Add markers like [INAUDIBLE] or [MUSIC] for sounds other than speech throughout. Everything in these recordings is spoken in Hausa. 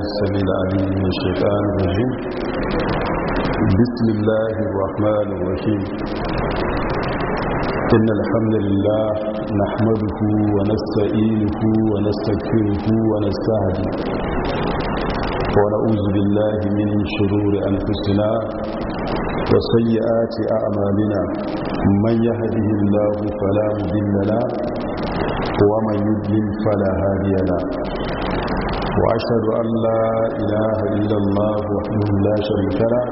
السميع العليم من الشيطان الرجيم بسم الله الرحمن الرحيم إن الحمد لله نحمده ونستعينه ونستغفره ونستهديه ونعوذ بالله من شرور أنفسنا وسيئات أعمالنا من يهده الله فلا مضل له ومن يضلل فلا هادي له وأشهد أن لا إله إلا الله وحده لا شريك له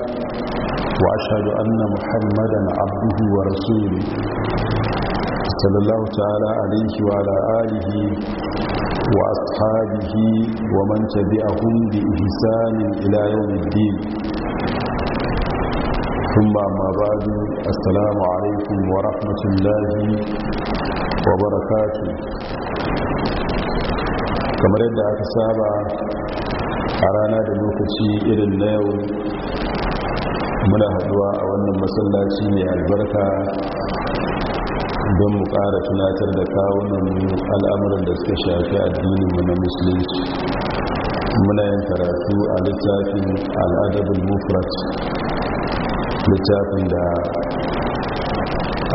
وأشهد أن محمدا عبده ورسوله صلى الله تعالى عليه وعلى آله وأصحابه ومن تبعهم بإحسان إلى يوم الدين ثم ما بعد السلام عليكم ورحمة الله وبركاته kamar yadda aka saba a rana da lokaci irin na yau muna haduwa a wannan masallaci mai albarka don mu ƙara tunatar da kawunan al'amuran da suka shafi mu na musulunci muna yin karatu a littafin al'adabul mufrat littafin da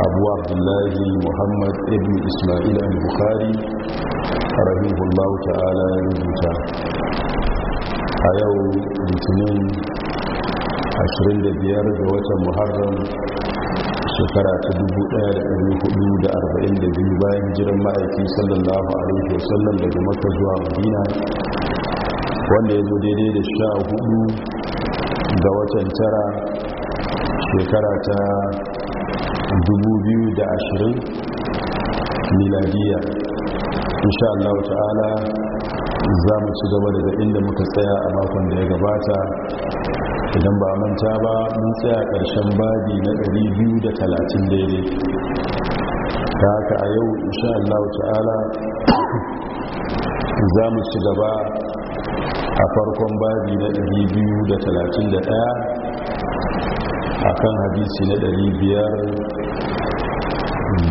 abu abdullahi muhammad ibn ismail al-bukhari rahimahullahu ta'ala ya rubuta a yau litinin 25 ga watan muharram shekara ta 1442 bayan jiran ma'aiki sallallahu alaihi wasallam daga maka zuwa madina wanda ya zo daidai da sha hudu ga watan tara shekara ta 2020 miladiya insha Allah ta'ala za mu ci gaba daga inda muka tsaya a makon da ya gabata idan ba manta ba mun tsaya ƙarshen babi na 230 ta haka a yau insha Allah ta'ala za mu ci gaba a farkon babi na 231 akan hadisi na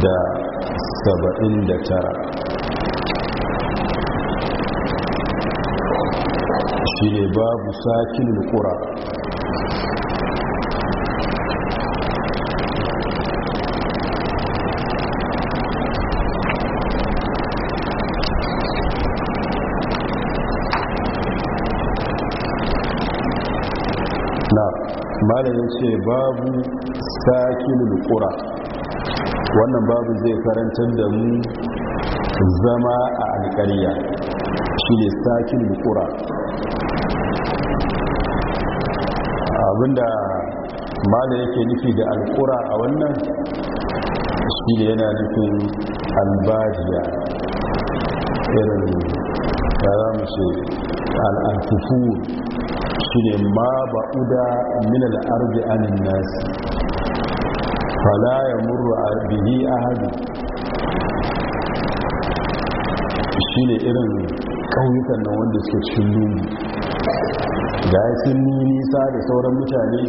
579 shi ne babu sakin lukura na malayin ce babu sakin lukura wannan babu zai karantar da mu zama a alkariya shi ne sakin lukura abinda mala yake nufi da alkura a wannan shi da yana nufin albajiya irin ta za ce al'afufu shi ne ma ba'uda min al'arbi anin nasi fala ya murru a bihi ahadu shi ne irin ƙauyukan nan wanda suke cikin nuni. ga ya sun nisa da sauran mutane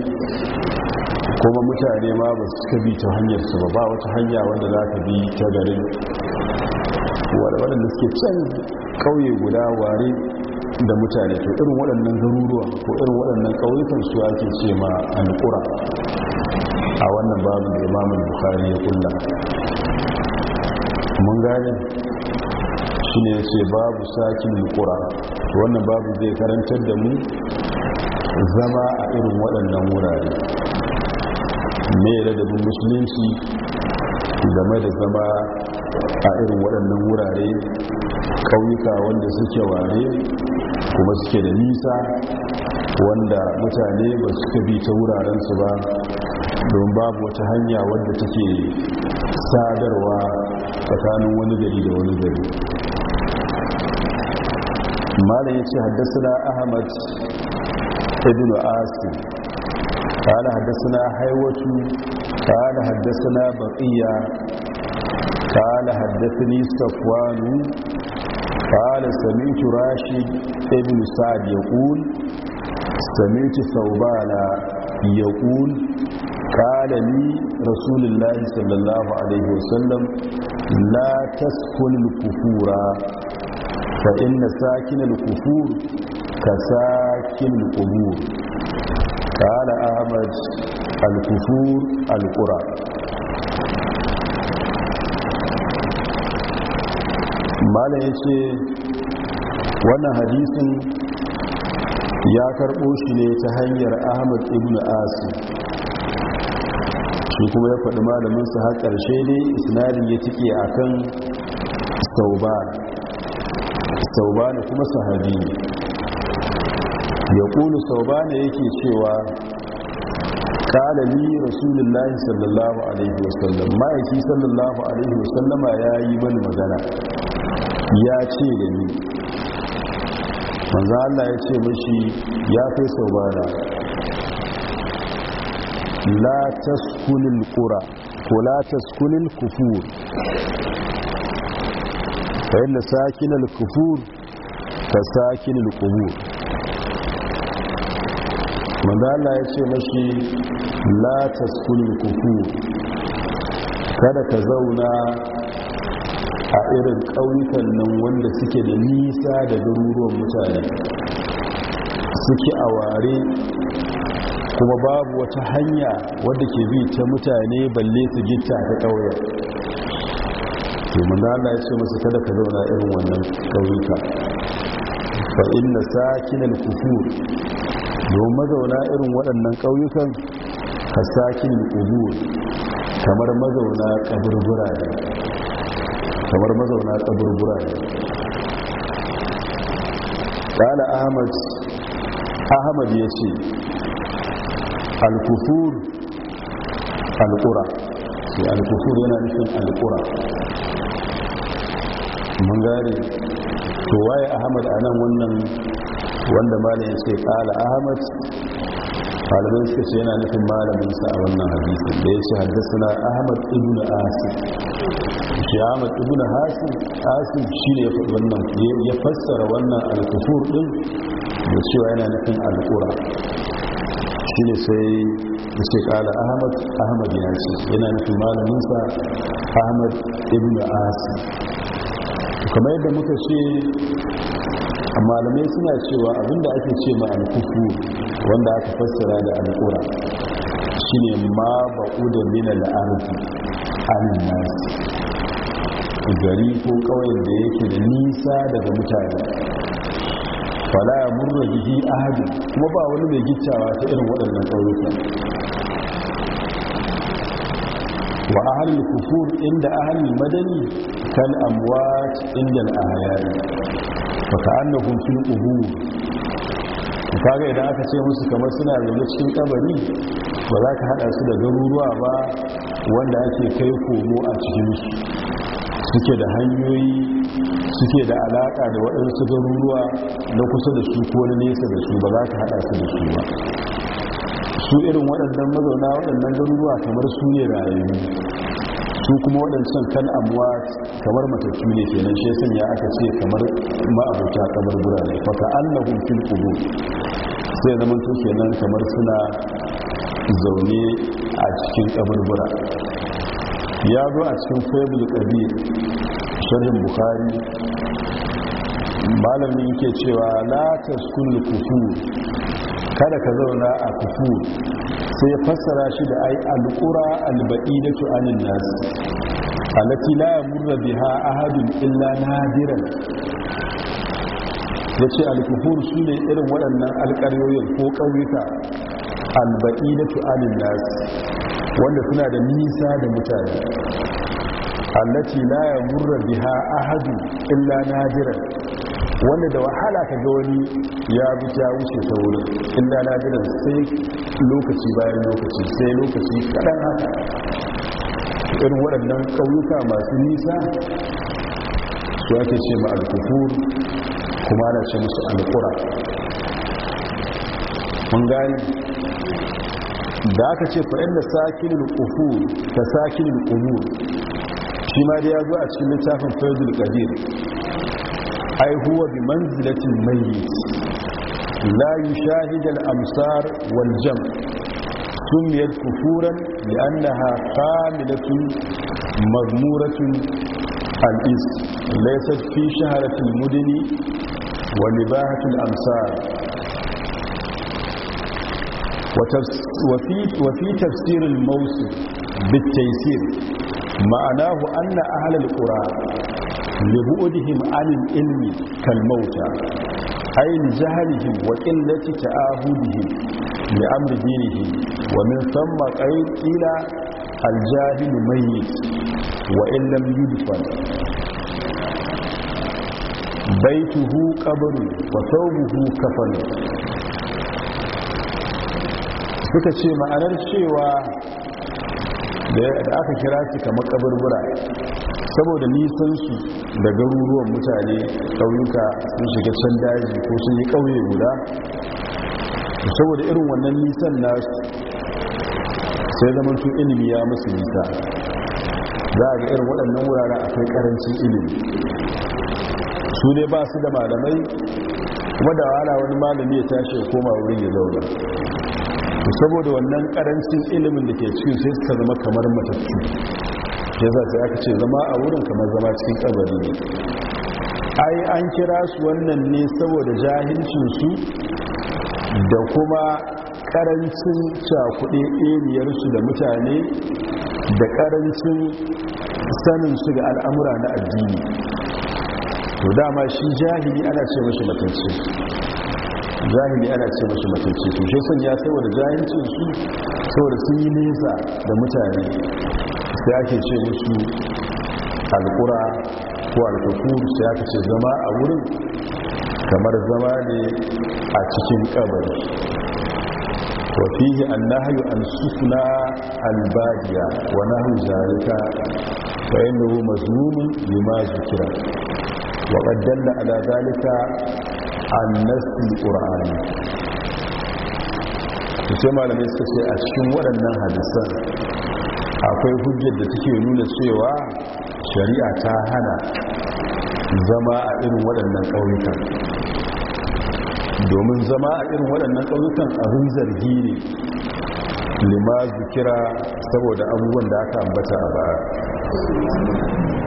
kuma mutane ma ba su suka bi ta hanyar su ba ba wata hanya wanda za ka bi ta garin waɗanda suke can ƙauye guda ware da mutane to irin waɗannan garuruwa, ko irin waɗannan ƙauyukan su ake ce ma alƙura a wannan babu da imamun bukari ya kulla mun gane shi ne ce babu sakin alƙura wannan babu zai karantar da mu zama a irin waɗannan wurare mai ladabin musulunci game da zama a irin waɗannan wurare ƙauyuka wanda suke ware kuma suke da nisa wanda mutane ba ka bi ta wurarensu ba don babu wata hanya wadda take sadarwa tsakanin wani gari da wani gari malam ya ce haddasa ahmad بن عاصم قال حدثنا حيوة قال حدثنا بقية قال حدثني صفوان قال سمعت راشد ابن سعد يقول سمعت ثوبان يقول قال لي رسول الله صلى الله عليه وسلم لا تسكن الكفور فإن ساكن الكفور كساكن القبور قال أحمد الكفور القرى malam ya ce wannan hadisin ya karɓo shi ne ta hanyar ahmad ibn asim shi kuma ya faɗi malaminsa har ƙarshe ne isnadin ya tike a kan sauban sauban kuma sahabi ya kulu sau ba ne yake cewa kalali rasulullahi sallallahu alaihi wasallam ma'aiki sallallahu alaihi wasallama ya yi mani magana ya ce da ni manzan Allah ya ce mashi ya kai sau ba na la taskunil kura ko la taskunil kufur yi da sakinan kufur ka sakinan kubur wanda Allah ya ce mashi la taskul kufu kada ka zauna a irin ƙauyukan nan wanda suke da nisa da garuruwan mutane suke a ware kuma babu wata hanya wadda ke bi ta mutane balle su gita ta ƙauyen to Allah ya ce masu kada ka zauna irin wannan ƙauyuka fa inna sakinal kufur don mazauna irin waɗannan ƙauyukan hasakin ubur kamar mazauna kaburbura ne kamar mazauna kaburbura ne ƙala ahmad ahmad ya ce alkufur alƙura sai alkufur yana nufin alƙura mun gane to waye ahmad a nan wannan wanda malam ya ce kala ahmad ɗalibai suka ce yana nufin malaminsa a wannan hadisi da ya ce haddasa ahmad ibn asir shi ahmad ibn asir asir shi ne ya fassara wannan alkufur ɗin da cewa yana nufin alkura shi ne sai da sai ƙala ahmad ahmad ya ce yana nufin malaminsa ahmad ibn asir kamar yadda muka ce malamai suna cewa abinda ake ce ma alkufu wanda aka fassara da alkura shine ma ba'u da min da alin nasi gari ko kawai da yake da nisa daga mutane fala ya murna a ahadu kuma ba wani mai gicciyawa ta irin waɗannan ƙauyuka wa ahalin kufur inda ahalin madani kan amwat inda al baka annahum fil qubur kaga idan aka ce musu kamar suna zaune cikin kabari ba za ka hada su da garuruwa ba wanda ake kai komo a cikin su suke da hanyoyi suke da alaka da waɗansu garuruwa na kusa da su ko na nesa da su ba za ka hada su da su ba su irin waɗannan mazauna waɗannan garuruwa kamar su ne rayu su kuma waɗancan kan amuwa kamar matattu ne ke nan shesun ya aka ce kamar ma'abuta kamar birane faka allahun fil kudu sai zaman ke nan kamar suna zaune a cikin kaburbura ya zo a cikin faibul kabir sharhin Buhari. malamin ke cewa latas taskul kufu kada ka zauna a kufu sai ya fassara shi da ai alqura alba'idatu anin nas allati la yamurru biha ahadun illa nadiran yace alkufur sune irin waɗannan alƙaryoyin ko ƙauyuka alba'idatu anin nas wanda suna da nisa da mutane allati la yamurru biha ahadun illa nadiran wanda da wahala ka ga wani ya bi ta wuce ta wurin inda nadiran sai lokaci bayan lokaci sai lokaci kaɗan haka irin waɗannan ƙauyuka masu nisa su ake ce ma alƙufu kuma na ce musu alkura mun gani da aka ce fa'in da sakin kufur ta sakin kumur shi ma da ya zo a cikin littafin da ƙadir aihuwa bi manzilatin mayyit لا يشاهد الأمصار والجمع سميت كفورا لأنها كاملة مضمورة الإس ليست في شهرة المدن ونباهة الأمصار وفي, وفي تفسير الموسم بالتيسير معناه أن أهل القرى لبؤدهم عن العلم كالموتى أي لجهلهم وقلة تآهدهم لأمر دينهم ومن ثم قيد إلى الجاهل ميت وإن لم يدفن بيته قبر وثوبه كفن suka ce ma'anar cewa da aka kira su kamar kaburbura saboda nisansu da garuruwan mutane ƙauyuka sun shiga can daji ko sun yi ƙauye guda saboda irin wannan nisan nasu sai zamantun ilimi ya musu nisa za a ga irin waɗannan wurare a kai ƙarancin ilimi su ne ba su da malamai kuma da wahala wani malami ya tashi ya koma wurin ya zauna saboda wannan ƙarancin ilimin da ke cikin sai suka zama kamar matattu ya za ta yaka ce zama a wurin kamar zama cikin kabari ne ai an kira su wannan ne saboda jahilcinsu da kuma karancin cakuɗe ɗeniyarsu da mutane da karancin saninsu ga al'amura na addini to dama shi jahili ana ce mashi matanci jahili ana ce mashi matanci to shi sun ya saboda jahilcinsu saboda sun yi nesa da mutane sai ake ce musu alƙura ko alƙukur sai aka ce zama a wurin kamar zama ne a cikin ƙabari wafihi an nahayu an sufna albadiya wa nahu zarika fa yanzu mazmuni lima zikira wa qaddalla ala zalika ƙura'ani. Su sai malamai suka ce a cikin waɗannan hadisan akwai hujjar da take nuna cewa shari'a ta hana zama a irin waɗannan ƙauyukan domin zama a irin waɗannan ƙauyukan abin zargi ne limazu kira saboda abubuwan da aka ambata a baya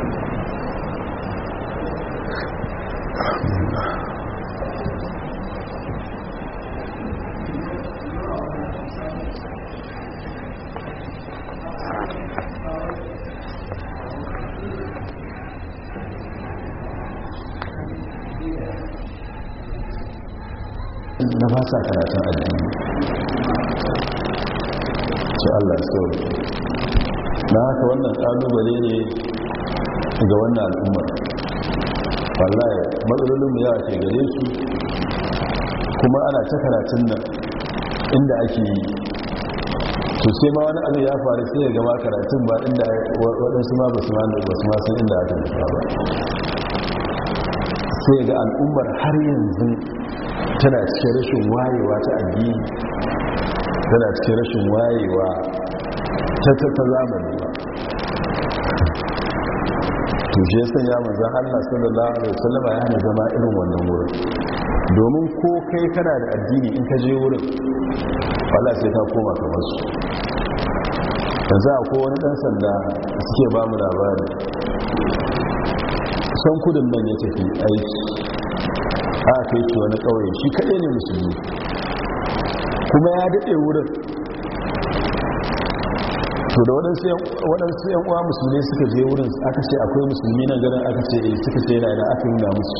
mu yawa ke gare su kuma ana ta karatun nan inda ake yi to sai ma wani abu ya faru sai ya gama karatun ba inda waɗansu ma ba su ma sun inda aka nufa ba sai ga al'ummar har yanzu tana cikin rashin wayewa ta addini tana cikin rashin wayewa ta ta zamani ba tushe sun ya manzan Allah sallallahu alaihi wasallam ya hana zama irin wannan wurin domin ko kai kana da addini in ka je wurin Allah sai ka koma kamar su za a kowane ɗan sanda suke ba mu labari san kudin nan ya tafi aiki a kai shi wani ƙauye shi kaɗai ne musulmi kuma ya daɗe wurin to da waɗansu yan uwa musulmi suka je wurin aka ce akwai musulmi nan garin aka ce eh suka ce yana da aka nuna musu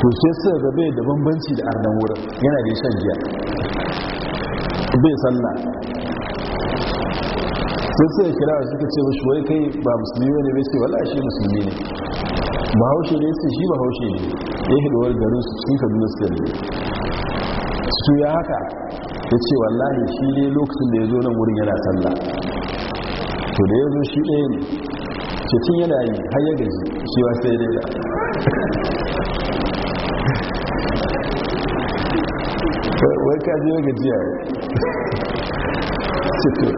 to sai su ga bai da bambanci da arnan wurin yana da shan giya bai sallah sai suka kira suka ce mashi wai kai ba musulmi ne bai ce wala shi musulmi ne bahaushe ne sai shi bahaushe ne ya hidowar garin su cikin kaduna su ne su ya haka ya ce wallahi shi ne lokacin da ya zo nan wurin yana sallah to da ya zo shi ɗaya ne ke cin yana yi har ya gaji shi wa sai dai da wai ka je gajiya ce to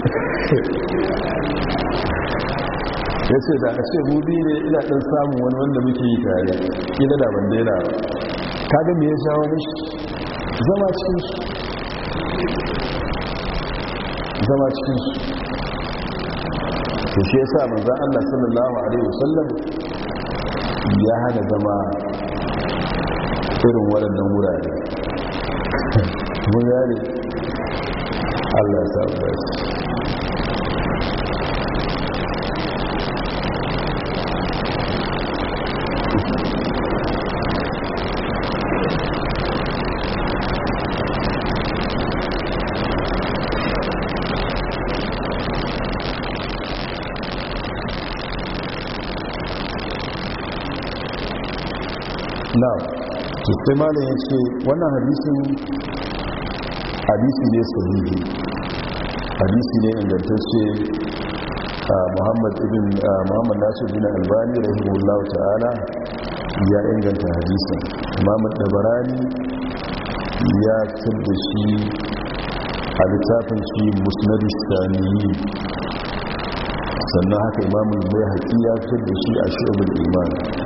ya ce da a ce bubi ne ina ɗan samun wani wanda muke yi tare ina da ban daina ba ka ga me ya shawo shi zama cikinsu zama cikinsu to shi yasa manzon Allah sallallahu alaihi wasallam ya hana zama irin waɗannan wurare mun gane Allah ya sa mu dace sai malam ya ce wannan hadisin hadisi ne sahihi hadisi ne ingantacce ah, muhammad ibn ah, muhammad nasir bin albani rahimahullahu ta'ala ya inganta hadisin muhammad dabarani ya fitar shi a littafin shi musnadis saniyi sannan haka imamun bai haƙi ya fitar shi a shi'abul iman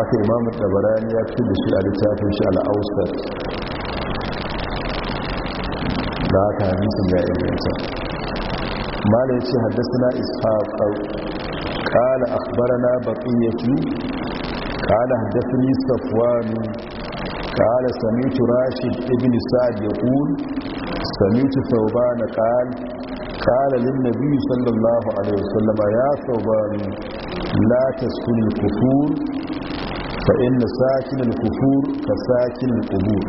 haka imam tabarani ya fi da shi a littafin shi al'austar da haka hadisun ya inganta mala ya ce haddasa ishaqar kala akbarana baqiyatu kala haddathani safwan kala samitu rashid ibn sa'd yaqul samitu thawban qala قال للنبي صلى الله عليه وسلم يا ثوبان لا تسكن الكفور fa'in na sakinin kufur ka sakinin kubur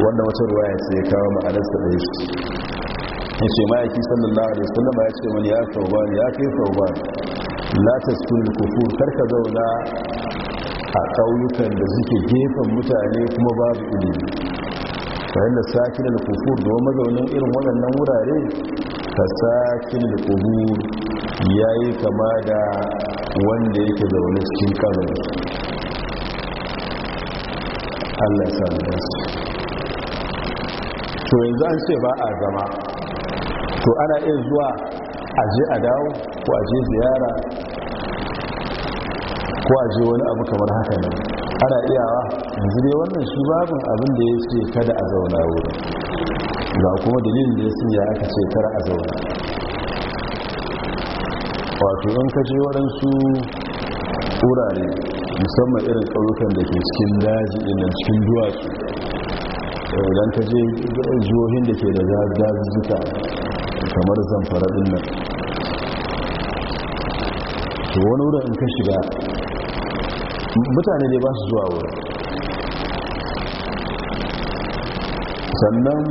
wanda wata ruwa ya ce kawo ma'adarsa da shi ya ce ma'aiki sallallahu alaihi wasallam ya ce wani ya sauban ya kai sauban la taskun kufur karka zauna a ƙauyukan da suke gefen mutane kuma babu ilimi fa'in na sakinin kufur domin mazaunin irin waɗannan wurare ka sakinin kubur ya yi kama da wanda yake zaune cikin kabari allah ya sami su. to yanzu an ce ba a zama to ana iya zuwa aje a dawo ko a je ziyara ko a je wani abu kamar haka ne ana iyawa yanzu dai wannan shi babin abin da ya ce kada a zauna wuri ga kuma dalilin da ya siya aka ce kada a zauna wato in kaje waɗansu wurare musamman irin tsarukan da ke cikin daji ina cikin duwatsu eh, don ta je jihohin da ke da dazuzzuka kamar zamfara ɗin nan to wani wurin in ka shiga mutane ne ba su zuwa wurin sannan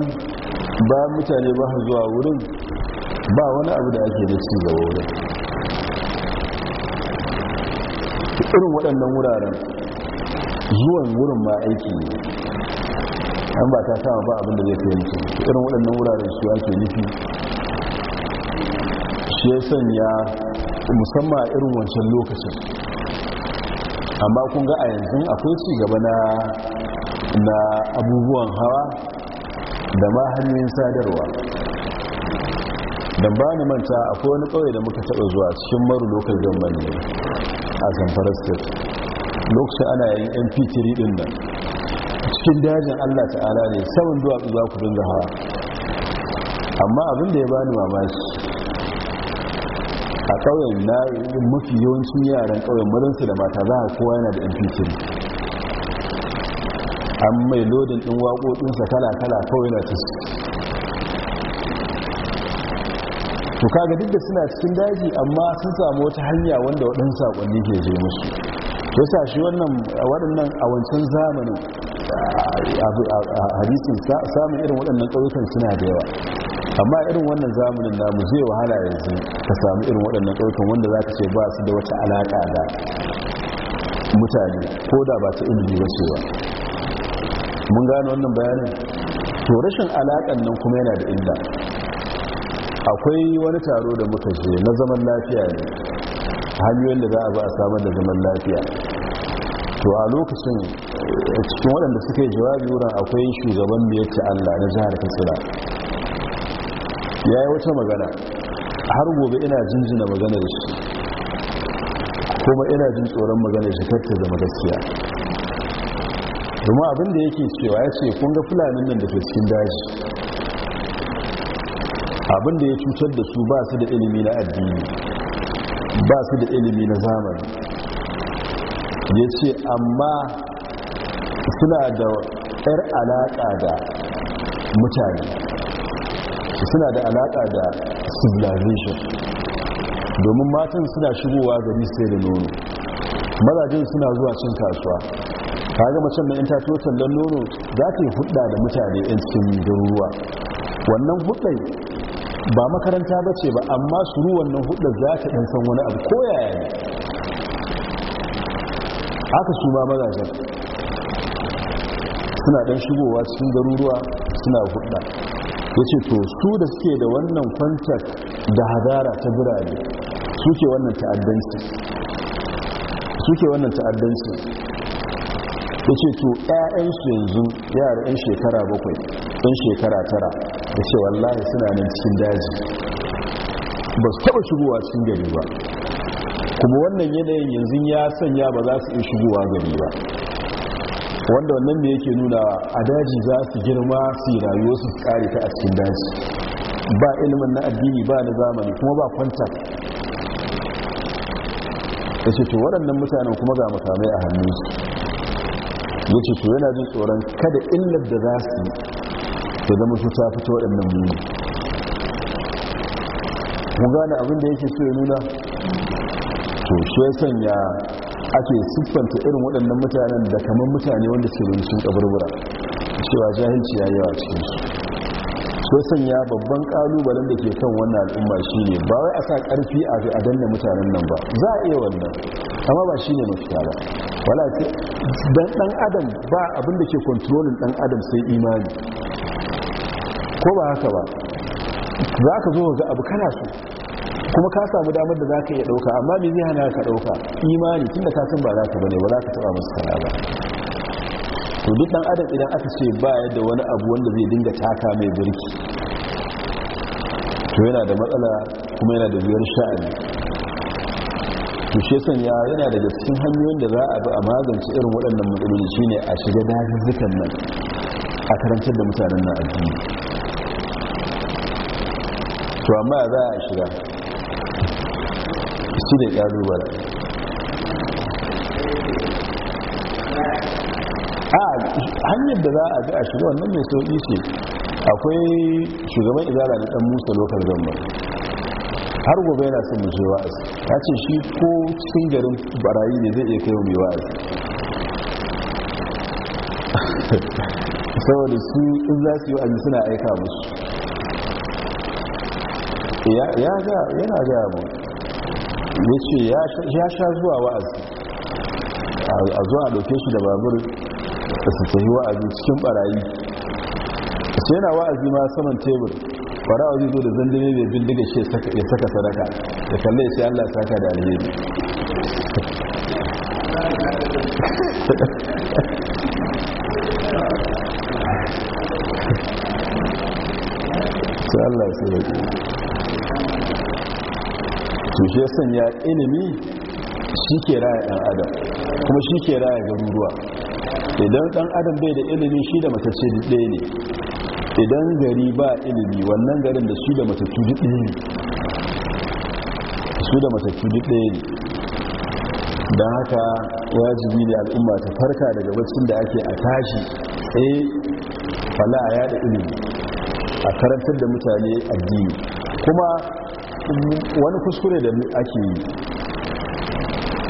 ba mutane ba su zuwa wurin ba wani abu da ake da ci gaba wurin irin waɗannan wuraren zuwan wurin ma aiki ne an ba ta sama ba abinda zai fiye yanki irin waɗannan wuraren su ake nufi shi ya sanya musamman irin wancan lokacin amma kun ga a yanzu akwai ci gaba na abubuwan hawa da ma hanyoyin sadarwa don ba ni manta akwai wani kawai da muka taɓa zuwa cikin maru lokacin manne a zamfara state lokacin ana yin MP3 din nan cikin dajin allah ta'ala ne saman duwatsu za ku dinga hawa amma abin da ya bani mamaki a ƙauyen na mafi yawancin yaran ƙauyen marinsu da mata za a kowa yana da MP3. an mai lodin ɗin waƙoƙinsa kala-kala kawai na tis to kaga duk da suna cikin daji amma sun samu wata hanya wanda waɗansu saƙonni ke zo musu ya sa shi wannan waɗannan a wancan zamanin hadisin samun irin waɗannan ƙauyukan suna da yawa amma irin wannan zamanin mu zai wahala yanzu ka samu irin waɗannan ɗaukan wanda za ka ce ba su da wata alaƙa da mutane ko da ba ta ilimi ba ce ba mun gane wannan bayanin to rashin alaƙan nan kuma yana da illa akwai wani taro da muka je na zaman lafiya ne hanyoyin da za a ba a samar da zaman lafiya to a lokacin eh, cikin waɗanda suka yi jawabi wurin akwai shugaban da yake allah na jihar katsina ya yi wata magana har gobe ina jinjina maganar shi kuma ina jin tsoron maganar shi tattar da gaskiya domin abin da yake cewa ya ce kun ga fulanin nan da ke cikin daji da ya cutar da su ba su da ilimi na addini ba su da ilimi na zamani ya ce amma suna da 'yar alaƙa da mutane suna da alaƙa da civilization domin matan suna shigowa ga sai da nono mazajen suna zuwa cin kasuwa kaga macen mai ta don nono za ta yi hudda da mutane 'yan cikin garuruwa wannan hudda ba makaranta ba ce ba amma suru wannan hudu za ta ɗan san wani abu Ko yaya ne Aka su ma mazajen suna ɗan shigowa cikin garuruwa suna hudu ya ce to su da suke da wannan kwantar da hadara ta birane suke wannan ta'addansu suke wannan ta'addansu ya ce to 'ya'yansu yanzu yara 'yan shekara bakwai 'yan shekara tara da ce wallahi suna nan cikin daji ba su taba shigowa cikin gari ba kuma wannan yanayin yanzu ya sanya ba za su iya shigowa gari ba wanda wannan ne yake nuna a daji za su girma su yi rayuwa su kare ta a cikin daji ba ilimin na addini ba na zamani kuma ba kwanta ya ce to waɗannan mutanen kuma ga makamai a su ya ce to yana jin tsoron kada illar da za su ta zama su ta fito waɗannan muni mu gane abinda yake so ya nuna to shi ya sanya ake siffanta irin waɗannan mutanen da kamar mutane wanda ke rincin burbura. cewa jahilci ya wa cikin su sai sanya babban kalubalen da ke kan wannan al'umma shine ba wai a sa ƙarfi a fi adanna mutanen nan ba za a iya wannan amma ba shine mafita ba wala dan dan adam ba abin da ke kontrolin dan adam sai imani ko ba haka ba za ka zo ga abu kana su, kuma ka samu damar da za ka iya ɗauka amma me zai hana ka ɗauka imani tun da kasan ba za ka bane ba za ka taɓa masu kana ba to duk ɗan adam idan aka ce ba yadda wani abu wanda zai dinga taka mai birki to yana da matsala kuma yana da biyar sha'ani to shi ya yana daga cikin hanyoyin da za a bi a magance irin waɗannan matsaloli shine a shiga dazuzzukan nan a karantar da mutanen na addini to amma za a shiga su ne ƙalubale a hanyar da za a ga a shiga wannan mai sauƙi ce akwai shugaban izara da ɗan musa Lokal zamba har gobe yana son mace wa'azi ta ce shi ko cikin garin barayi ne zai iya kai mai wa'azi [LAUGHS] saboda su in za su yi wa'azi suna aika musu ya yana gaya mu ya ce ya sha zuwa wa'azi a zuwa doke shi da babur da su tafi wa'azi cikin barayi sai yana wa'azi ma saman tebur farawa zai zo da zandame mai bindiga shi ya saka sadaka da kalle ce allah saka da alheri [LAUGHS] allah sai ya to shi sanya ilimi shi ke raya ɗan adam kuma shi ke raya garuruwa idan ɗan adam bai da ilimi shi da matacce ɗaya ne idan gari ba ilimi wannan garin da shi da matattu ɗaya ne su da matattu ɗaya ne don haka wajibi ne al'umma ta farka daga bacin da ake a tashi sai fala a yada ilimi a karantar da mutane addini kuma wani kuskure da ake yi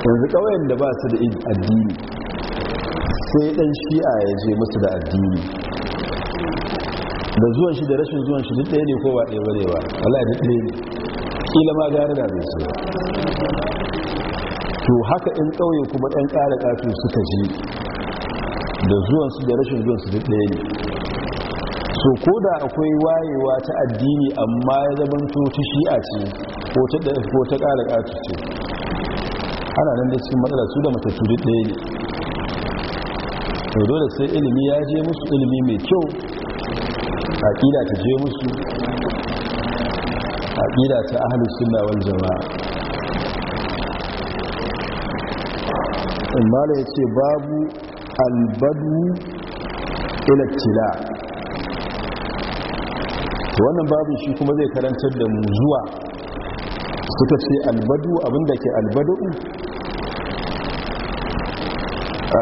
yanzu kawai da ba su da addini sai ɗan shi'a ya je musu da addini da zuwan shi da rashin zuwan shi duk ɗaya ne ko ba ɗaya ba wala duk ɗaya ne kila ma gari da zai su to haka in ƙauye kuma ɗan ƙara ƙafi suka ji da su da rashin su duk ɗaya ne so ko da akwai wayewa ta addini amma ya zamanto ta shi'a ce ko ta ƙara ƙatu ce ana nan da cikin matsala su da matattu duk ɗaya ne dole sai ilimi ya je musu ilimi mai kyau aƙida ta je musu aƙida ta ahalus sunna jama'a in mala ya ce babu albadu ila to wannan babu shi kuma zai karantar da mu zuwa suka ce albadu abinda ke albadu a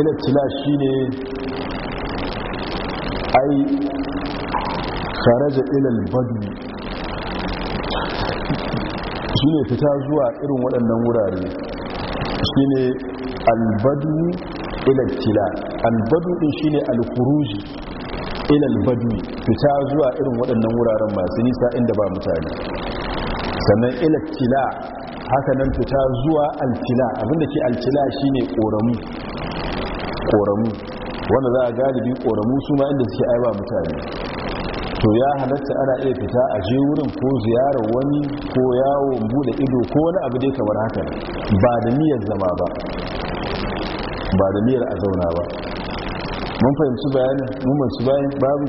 ilatila shi ne ai kharaja ilal badu shi ne fita zuwa irin waɗannan wurare shi ne albadu ilatila albadu ɗin shi ne alkuruji ilal badwi fita zuwa irin waɗannan wuraren masu nisa inda ba mutane sannan ilal tila haka nan fita zuwa alfila abinda ke alfila shine ƙoramu, ƙoramu wanda za a galibi koramu su ma inda suke aiba mutane to ya halatta ana iya fita a je wurin ko ziyarar wani ko yawon bude ido ko wani abu dai kamar haka ba da niyyar zama ba ba da niyyar a zauna ba mun fahimci bayanin mun manci bayan babu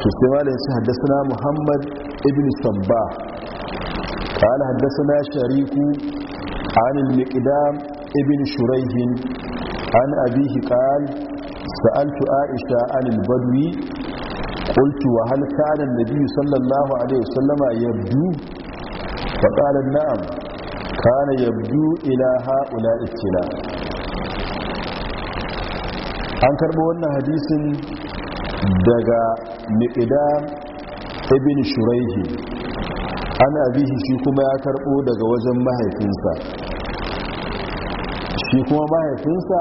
to sai malam shi haddasa muhammad ibn sabba قال حدثنا شريك عن المقدام ابن شريح عن أبيه قال سألت عائشة عن البدوي قلت وهل كان النبي صلى الله عليه وسلم يبدو فقال نعم كان يبدو إلى هؤلاء التلاف an karɓi wannan hadisin daga miƙida ibn shuraihi ana abihi shi kuma ya karɓo daga wajen mahaifinsa shi kuma mahaifinsa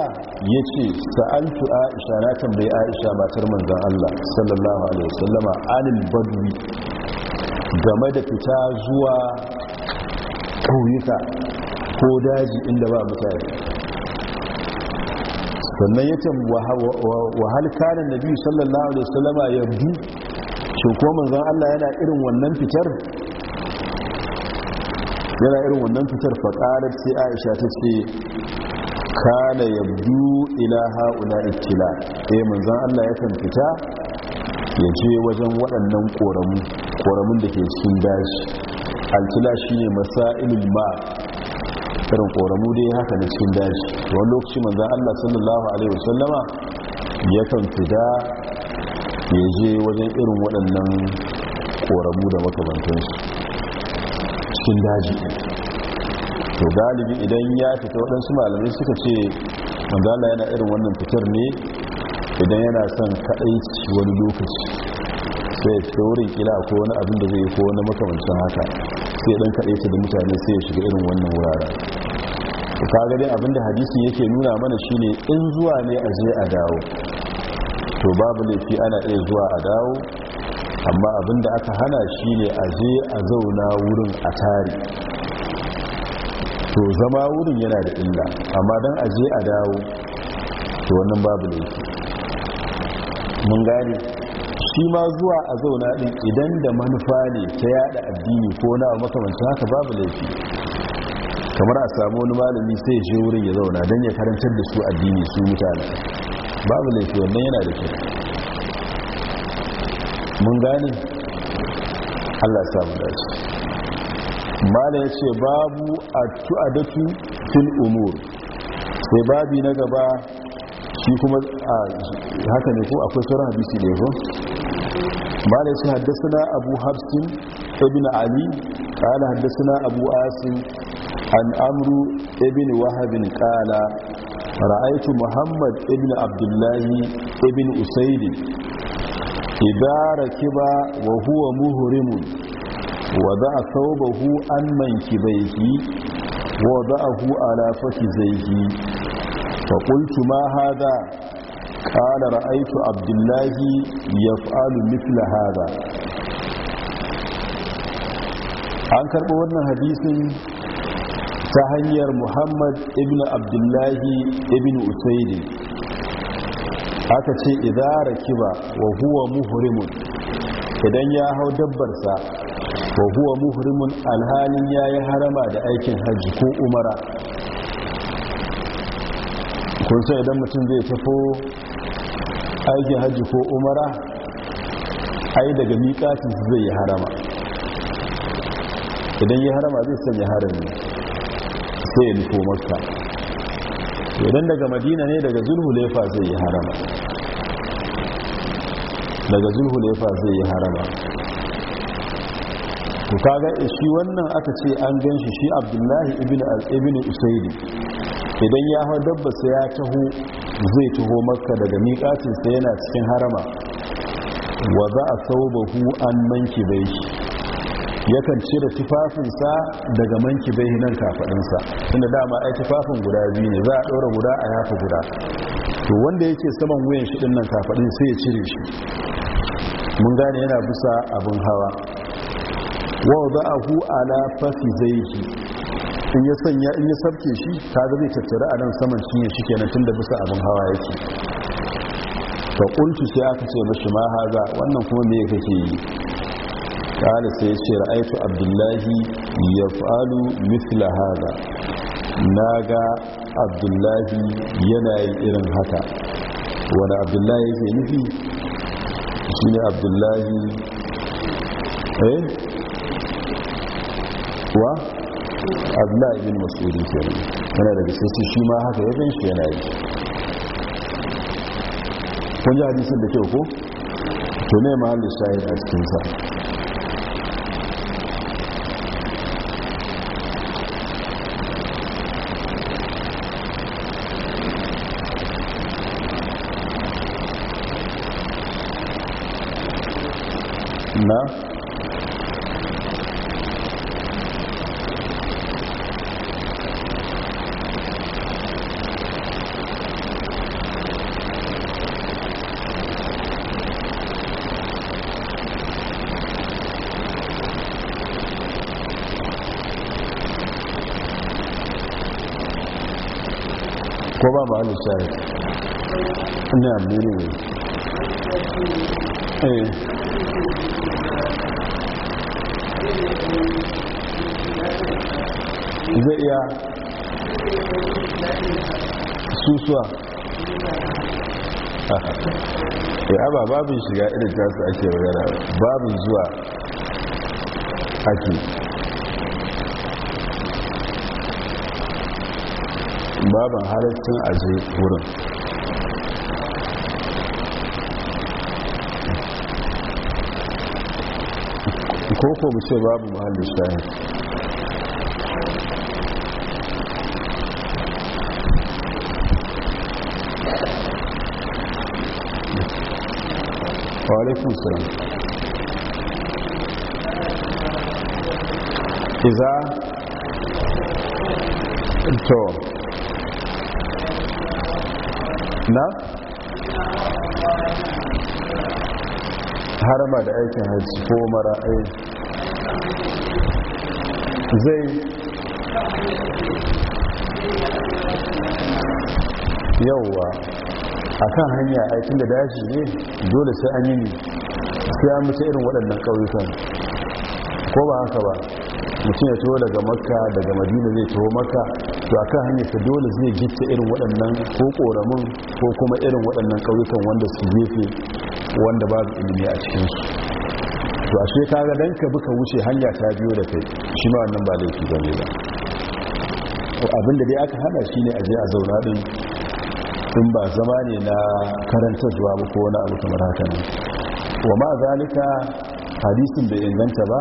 ya ce sa'altu aisha na tambayi aisha matar manzan Allah sallallahu alaihi wasallama anil badwi game da fita zuwa ƙauyuka ko daji inda ba mutane sannan ya ce wahal kanin nabi sallallahu alaihi wasallama yardu shi ko manzon Allah yana irin wannan fitar yana irin wannan fitar sai aisha ta ce kana yabdu ila haula ittila eh manzon Allah ya kan fita ya je wajen waɗannan koramu koramun da ke cikin dashi altila shine masailul ma' karin koramu dai haka na cikin daji wani lokaci manzan allah sallallahu alaihi wasallama yakan fida ya je wajen irin waɗannan koramu da makamantansu cikin daji to galibi idan ya fita waɗansu malamai suka ce manzala yana irin wannan fitar ne idan yana son kaɗaici wani lokaci sai ta wurin kila ko wani abin da zai yi ko wani makamancin haka sai ɗan kaɗaici da mutane sai ya shiga irin wannan wuraren ka dai abinda hadisi yake nuna mana shine in zuwa ne a je a dawo to babu laifi ana iya zuwa a dawo amma abinda aka hana shine a je a zauna wurin a tare to zama wurin yana da illa amma don a je a dawo to wannan babu laifi mun gane shi ma zuwa a zauna din idan da manufa ne ta yada addini ko na makamancin haka babu laifi kamar a samu wani malami sai je wurin ya zauna don ya karantar da su addini su mutane babu laifi wannan yana da kyau mun gane allah samu dace mala ya ce babu a tu'adatu fil umur sai babi na gaba shi kuma a haka ne ko akwai sauran hadisi da yazo mala ya ce haddasa na abu hafsin ibn ali قال حدثنا أبو آسم an amru ibn wahabin ƙala, ra'aitu muhammad ibn abdullahi ibn usaidi idara kiba wa huwa muhrimun wada thawbahu an mankibaihi wada'ahu ala fakizaihi fa qultu ma hadha qala ra'aytu abdullahi yaf'alu mithla hadha an karɓi wannan hadisin ta hanyar muhammad ibn abdullahi ibn usaidi aka ce idara kiba wa huwa muhrimun idan ya hau dabbarsa wa huwa muhrimun alhalin ya yi harama da aikin hajji ko umara kun sai idan mutum zai tafo aikin hajji ko umara ai daga miƙatinsu zai yi harama idan yi harama zai sanya harami sai ya nufo makka idan daga madina ne daga zulhulefa zai yi harama daga zulhulefa zai yi harama ku kaga shi wannan aka ce an gan shi shi abdullahi ibn al-Abidi usaydi idan ya hau sai ya taho zai taho makka daga sai yana cikin harama wa za a saubahu an manki bai shi yakan cire tufafinsa daga manki bai nan kafaɗinsa inda dama ai tufafin guda biyu ne za a ɗora guda a yafa guda to wanda yake saman wuyan shi nan kafaɗin sai ya cire shi mun gane yana bisa abin hawa wa za a hu ala fasi zai in ya sanya in ya sabke shi ta zai tattara a nan saman cinye shi kenan tun da bisa abin hawa yake ta ƙuntu sai aka ce mashi ma haza wannan kuma me kake yi kala sai ya ce ra'aitu abdullahi ya fa'alu mithla hada na ga abdullahi yana yin irin haka wani abdullahi yake nufi shi ne abdullahi eh wa abdullahi bin masudi kenan yana daga cikin shi ma haka ya shi yana yi kun ji hadisin da kyau ko to ne mahallin shayin a cikinsa né? ko ba Não, não. ina biyu kasusuwa ya eh, ba babin shiga irin tasu ake magana babin zuwa ake babin halittun aje wurin ko ko mu ce babu muhallin shahid alaikun salam iza to na harama da aikin hajji ko mara aiki eh. zai yauwa a kan hanya a yakin da daji ne dole sai an yi ne sai an mutu irin waɗannan ƙauyukan ko ba haka ba mutum ya tuwo daga makka daga madina zai tuwo makka to a kan hanyar dole zai gita irin waɗannan ko ƙoramin ko kuma irin waɗannan ƙauyukan wanda su gefe wanda ba su ilimi a cikinsu to ashe ka ga dan ka buka wuce hanya ta biyo da kai shi ma wannan ba laifi bane ba abin da dai aka hana shine a je a zauna din Tun ba zama ne na karanta zuwa ko wani abu kamar haka ne wa ma zalika hadisin bai inganta ba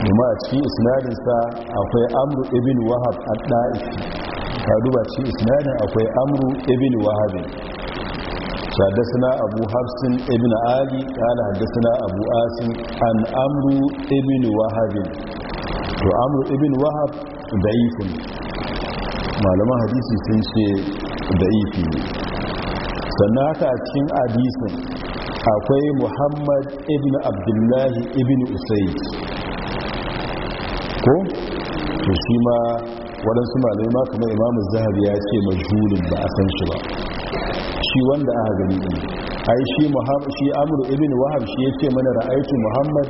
kuma a cikin isnadinsa akwai amru ibn wahab ad-da'ifi ka duba cikin isnadin akwai amru ibn wahab حدثنا أبو حفص ابن علي قال حدثنا أبو آسم عن أمرو ابن وهب وأمرو ابن وهب ضعيف hadisi sun ce. da ifi sannan haka a cikin hadisin akwai muhammad ibn abdullahi ibn usaid ko to shi ma waɗansu malamai ma kamar imamu zahar ya ce majhulin ba a san shi ba shi wanda aka gani ne ai shi muhammad shi amru ibn wahab shi yake mana ra'ayi muhammad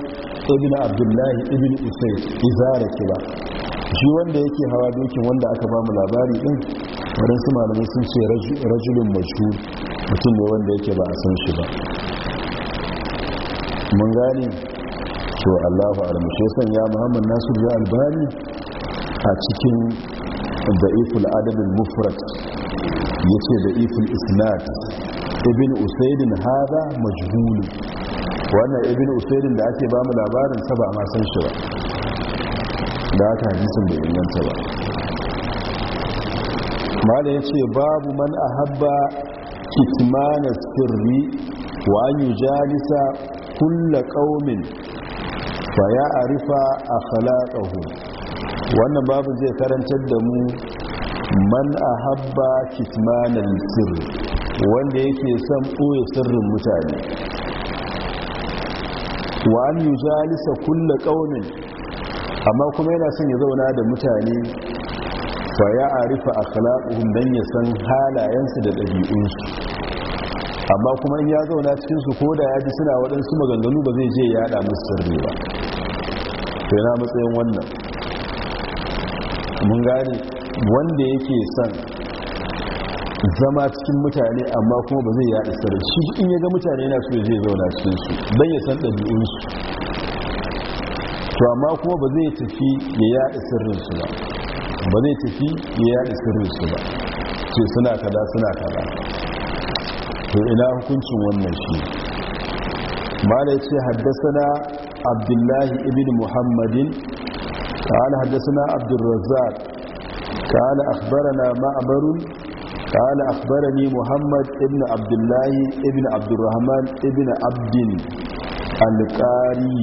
ibn abdullahi ibn usayd izara kiba shi wanda yake hawa dokin wanda aka ba mu labari din waɗansu malamai sun ce rajulun mashhur mutum ne wanda yake ba a san shi ba mun gane to allahu almushe sanya muhammad Nasiru ya albani a cikin da'iful adabin mufrat ya ce da'iful isnad ibn usaidin hada majhulu wannan ibn usaidin da ake ba mu labarin sa ba ma san shi ba da aka hadisin bai inganta ba mala ya ce babu man a habba kitmanar sirri wa an yi jalisa kulla ƙaumin ba ya arifa a falakahu wannan babu zai karantar da mu man a habba kitmanar sirri wanda yake son ɓoye sirrin mutane wa an yi jalisa kulla ƙaumin amma kuma yana son ya zauna da mutane fa ya arifa akhlaquhum dan ya san halayensu da ɗabi'unsu amma kuma in ya zauna cikin su da ya ji suna waɗansu maganganu ba zai je ya haɗa musu sirri ba to yana matsayin wannan mun gane wanda yake son zama cikin mutane amma kuma ba zai yaɗa sirri shi in ya ga mutane yana so zai zauna cikin su dan ya san ɗabi'unsu to amma kuma ba zai tafi ya yaɗa sirrinsu ba ba zai tafi ya yaɗa sirrinsu ba ce suna kada suna kada to ina hukuncin wannan shi mala ce haddasa abdullahi ibn muhammadin قال حدثنا عبد الرزاق قال أخبرنا معمر قال أخبرني محمد ابن عبد الله ابن عبد الرحمن ابن عبد القاري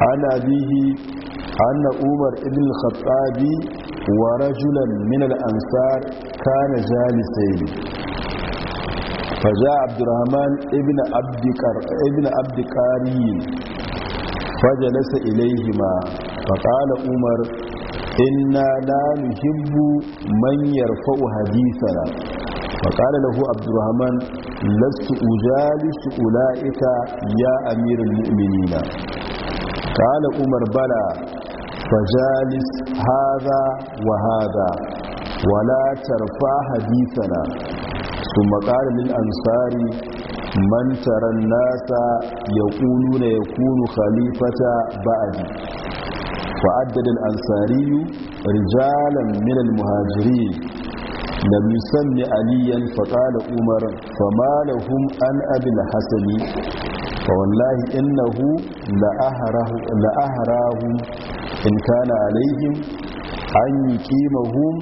عن أبيه anna umar ibn khattabi wa rajulan min al-ansar kana jalisaini فجاء عبد الرحمن ابن عبد ابن عبد قارين فجلس إليهما فقال عمر إنا لا نحب من يرفع حديثنا فقال له عبد الرحمن لست أجالس أولئك يا أمير المؤمنين قال عمر بلى fajalis haza wa haza wala tarfa hadithana su makalin ansari mantaran nasa ya kulu na ya kunu khalifata ba'adi fa'addadin ansariyu rijalan minal muhajiri لم يسمي عليا فقال عمر فما لهم عن أبي الحسن فوالله إنه لأهراهم in kana alaihim an yi kimahun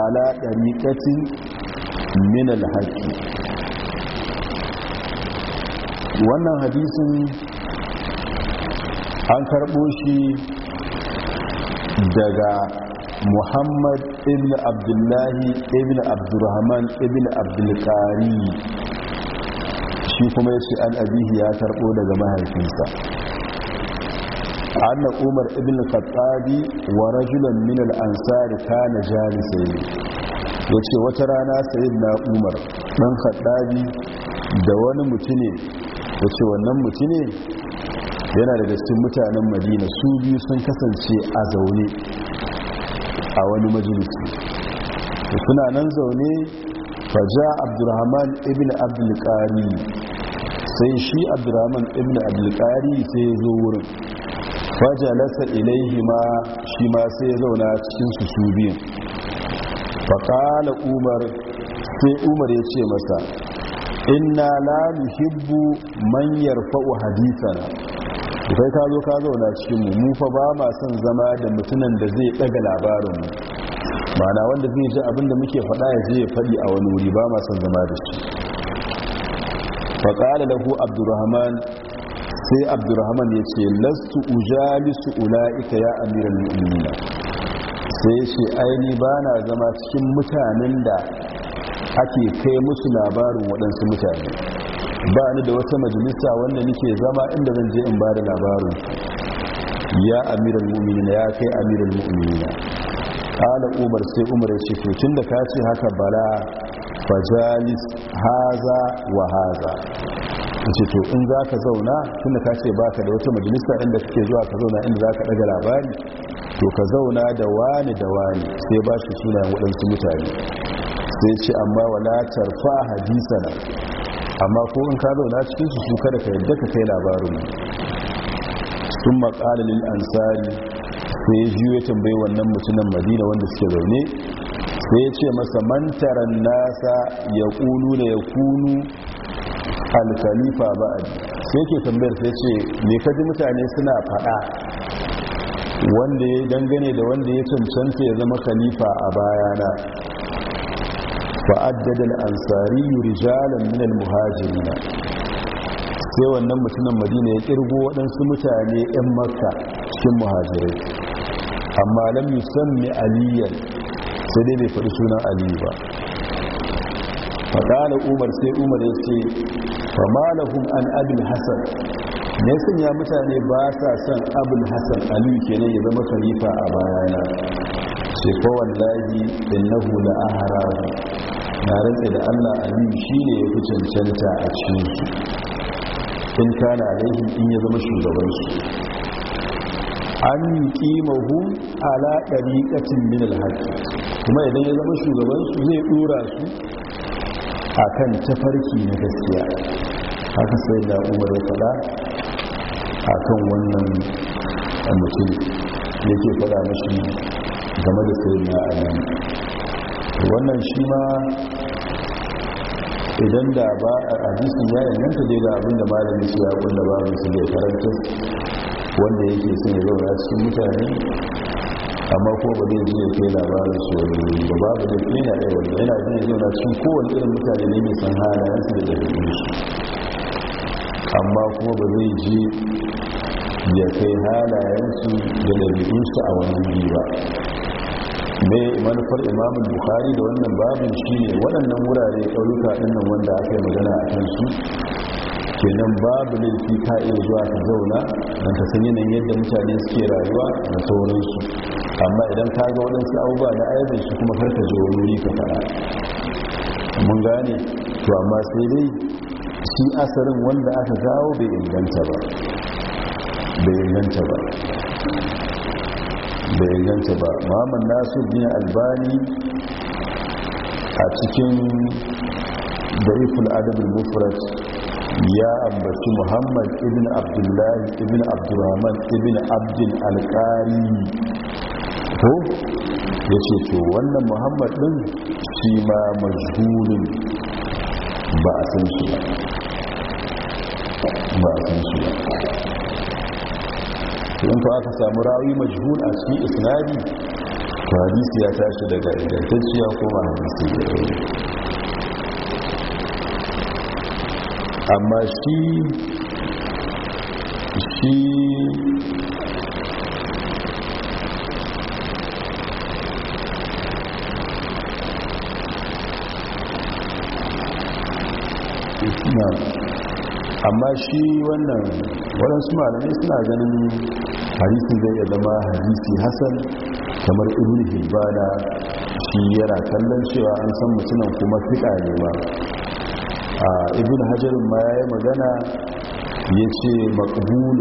ala ɗariƙatin min alhaƙi wannan hadisin an karɓo shi daga muhammad ibn abdullahi ibn abdurrahman ibn abdulkari shi kuma ya ce an ya karɓo daga mahaifinsa anna umar ibn khattabi wa rajulan min al-ansar kana jalisayn yace wata rana sayyidina umar dan khattabi da wani mutune yace wannan mutune yana daga cikin mutanen madina su biyu sun kasance a zaune a wani majalisi suna nan zaune faja abdurrahman ibn abdulkari sai shi abdurrahman ibn abdulkari sai ya zo wurin fajalasa ilaihi ma shi ma sai ya zauna cikin su su biyun faƙala umar sai umar ya ce masa inna la hibbu manyar fa'u hadisana kai ka zo ka zauna cikin mu mu fa ba ma son zama da mutunan da zai ɗaga labarin mu mana wanda zai ji abin da muke faɗa ya je ya faɗi a wani wuri ba ma son zama da shi faƙala lahu abdurrahman sai abdurrahman ya ce ujali ujalisu ula'ika ya amiran mu'minina sai ce aini ba na zama cikin mutanen da ake kai musu labarin waɗansu mutane ba ni da wata majalisa wanda nike zama inda zan je in ba da labarin ya amiran mu'minina ya kai amiran mu'minina ala umar sai umar ya ce tun da ka ce haka bala fajalis haza wa haza ce to in za ka zauna tunda ka ce ba ka da wata majalisa inda suke zuwa ka zauna inda za ka daga labari to ka zauna da wani da wani sai ba shi wadansu waɗansu mutane sai ce amma wala tarfa hadisana amma ko in ka zauna cikin su su kada ka yadda ka kai labarin sun maƙalalin ansari sai ya juyo tambayi wannan mutumin madina wanda suke zaune sai ya ce masa mantaran nasa ya kunu da ya kunu alkhalifa ba a sai yake tambayar sai ce me kaji mutane suna faɗa wanda ya dangane da wanda ya cancanta ya zama khalifa a bayana al-ansari rijalan min al-muhajirina sai wannan mutumin madina ya kirgo waɗansu mutane 'yan makka cikin muhajirai amma lam yusammi aliyan sai dai bai faɗi sunan aliyu ba faɗaɗa umar sai umar ya ce famalahun an abin hassan ne sun ya mutane ba sa son abin hassan aliyu kenan ya zama khalifa a bayana ce kowallahi innahu da ahararu na rantsa da allah aliyu shi ne ya fi cancanta a cikinsu in kana alaihim in ya zama shugabansu an yi kimahu ala ɗariƙacin min alhaƙi kuma idan ya zama shugabansu zai ɗura su a kan tafarki na gaskiya haka sai da umar ya fada a kan wannan mutum ya ke fada mashi game da sai na ayyana wannan shi ma idan da ba a hadisin ya yanta dai da abinda malamin shi ya kunda babu su da karantar wanda yake sun yi zaura cikin mutane amma ko ba zai ji ya kai labarin soyayya ba babu da kina da wani yana jin na cikin kowane irin mutane ne mai san halayensu da dabi'un su amma kuma ba zai ji ya kai halayensu da dabi'un su a wani yi ba me manufar imamu bukari da wannan babin shi ne waɗannan wurare ƙauyuka ɗinnan wanda aka yi magana a kansu kenan babu laifi ta iya zuwa ta zauna don ta san yanayin yadda mutane suke rayuwa da sauransu amma idan ka ga waɗansu abubuwa na aibin su kuma karka zo wuri ka fara mun gane to amma sai dai shi asarin wanda aka kawo bai inganta ba bai inganta ba bai inganta ba muhammad nasu bin albani a cikin da'iful adabul mufrad ya ambaci muhammad ibn abdullahi ibn abdurrahman ibn abdul alkari To ya ce to wannan muhammad din shi ma mazhurin ba a san shi ba a san shi ba in fa aka samu rawi majhul a cikin isnadi to hadisi ya tashi daga ingantacciya ko ba hadisi ya rauni amma shi shi amma shi wannan waɗansu malamai suna ganin hadisi zai iya zama hadisi hassan kamar ibn hibbana shi yana kallon cewa an san mutunan kuma fiɗa ne ba a ibn hajar ma ya yi magana ya ce makbulun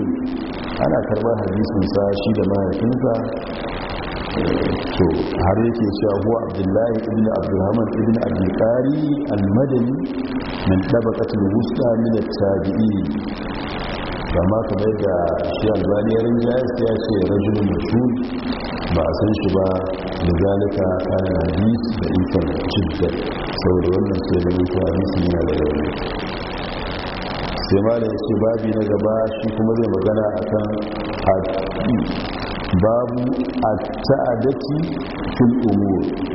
ana karɓar hadisinsa shi da mahaifinsa to har yake cewa huwa abdullahi ibn abdulhamad ibn abdulkari almadani min tabaqatul wusta min at-tabi'in kama kamar da shi albani ya rinjaya ya ce rajulun mutum ba a san shi ba da zalika kayan hadis da ikon cidda saboda wannan sai da mutu hadisi yana da rauni sai malam da yake babi na gaba shi kuma zai magana akan babu a ta'adati fil umo.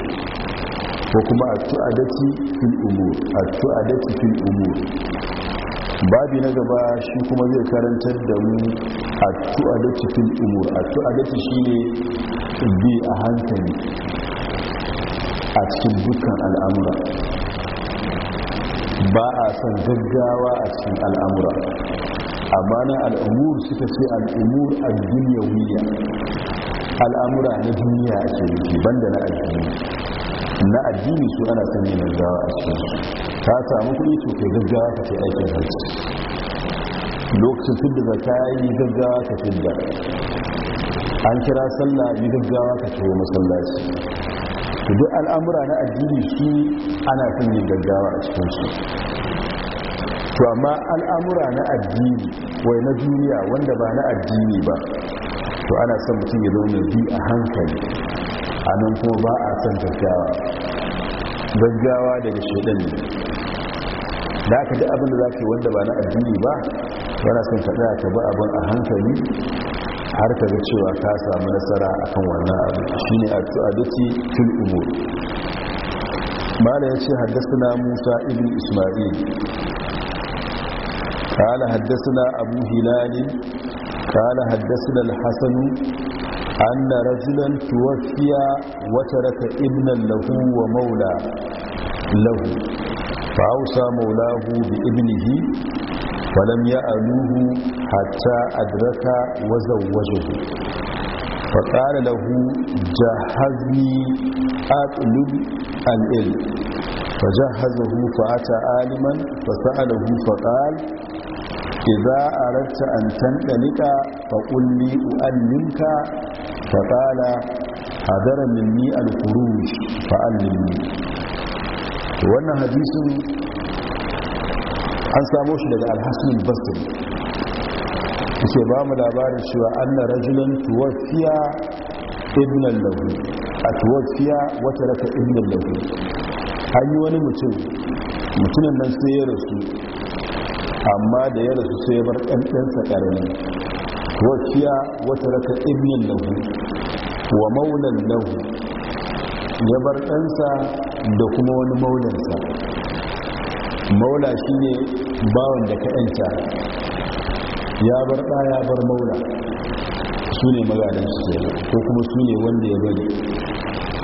ko kuma attu'adati fil umur attu'adati fil umur babi na gaba shi kuma zai karantar da mu attu'adati fil umur attu'adati shine bi a hankali a cikin dukkan al'amura ba a san gaggawa a cikin al'amura amma na al'umur suka ce al'umur al-dunyawiya al'amura na duniya ke nufi banda na addini na addini su ana son yin gaggawa a cikin ta samu kuɗi su ke gaggawa ka ce aikin hajji lokacin fidda zaka yi gaggawa ka fidda an kira sallah yi gaggawa ka ce masallaci duk al'amura na addini su ana son yin gaggawa a cikin cikinsu to amma al'amura na addini wai na duniya wanda ba na addini ba to ana son mutum ya zaune bi a hankali a nan kuma ba a son gaggawa gaggawa daga shaidan ne da aka da abin da za ka yi wanda ba na addini ba na son ka ka bi abin a hankali har ka ga cewa ka samu nasara akan wannan abu shine addu'ati fil umur mala yace haddathana Musa ibn Isma'il قال Abu-Hilali, kala haddasa al الحسن أن رجلا توفي وترك ابنا له ومولى له فأوصى مولاه بابنه فلم يألوه حتى أدرك وزوجه فقال له جهزني أطلب العلم فجهزه فأتى عالما فسأله فقال إذا أردت أن تنطلق فقل لي أؤلمك فقال حضر مني الخروج فعلمني wannan hadisin an samo shi daga alhassan basir yake ba mu labarin cewa anna rajulan tuwafiya ibn lahu a tuwafiya wata raka ibn lahu an yi wani mutum mutumin nan sai ya rasu amma da ya rasu sai ya bar ɗanɗansa ƙarami wafiya wata raka له ومولا wa يبر انسا ya bar ɗansa da kuma wani maulansa maula shi ne bawan da ka ‘yanta ya bar ɗa ya bar maula su ne magadansu ke ko kuma su ne wanda ya bari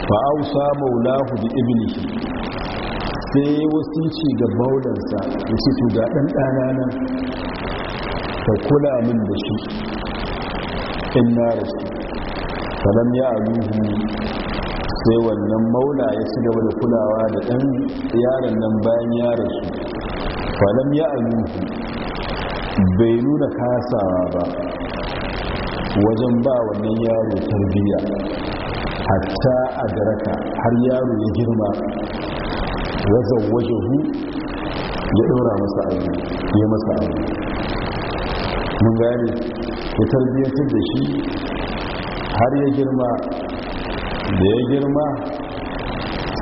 fa'ausa maulahu da ibnihi sai wasici ga maulansa da su ga ɗan ɗana nan ta kula min da shi cikin narasi salam ya aluhu sai wannan maula ya ci gaba da kulawa da ɗan yaron nan bayan ya rasu falam ya aluhu bai nuna kasawa ba wajen ba wannan yaro tarbiyya hatta a daraka har yaro ya girma ya wazan wajahu ya ɗora masa aure ya masa aure mun gane ya tarbiyyantar da shi har ya girma da ya girma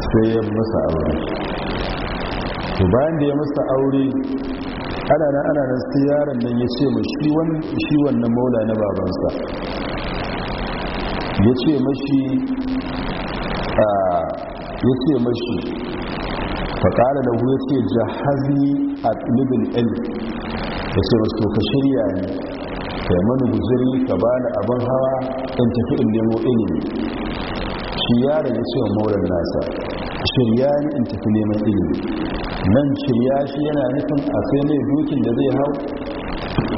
sai ya masa aure to bayan da ya masa aure ana nan ana nan sai yaron nan ya ce shi wannan maula na babansa ya ce mashi a ah, ya ce mashi faƙara da ya ce jahazi a ɗulibin ɗin ya ce masu ka shirya ne kai mani guzuri ka bani abin hawa in tafi in nemo ilimi shi yaron ya siyan moran nasa shirya ni in tafi neman ilimi nan shirya shi yana nufin a sai mai dukin da zai hau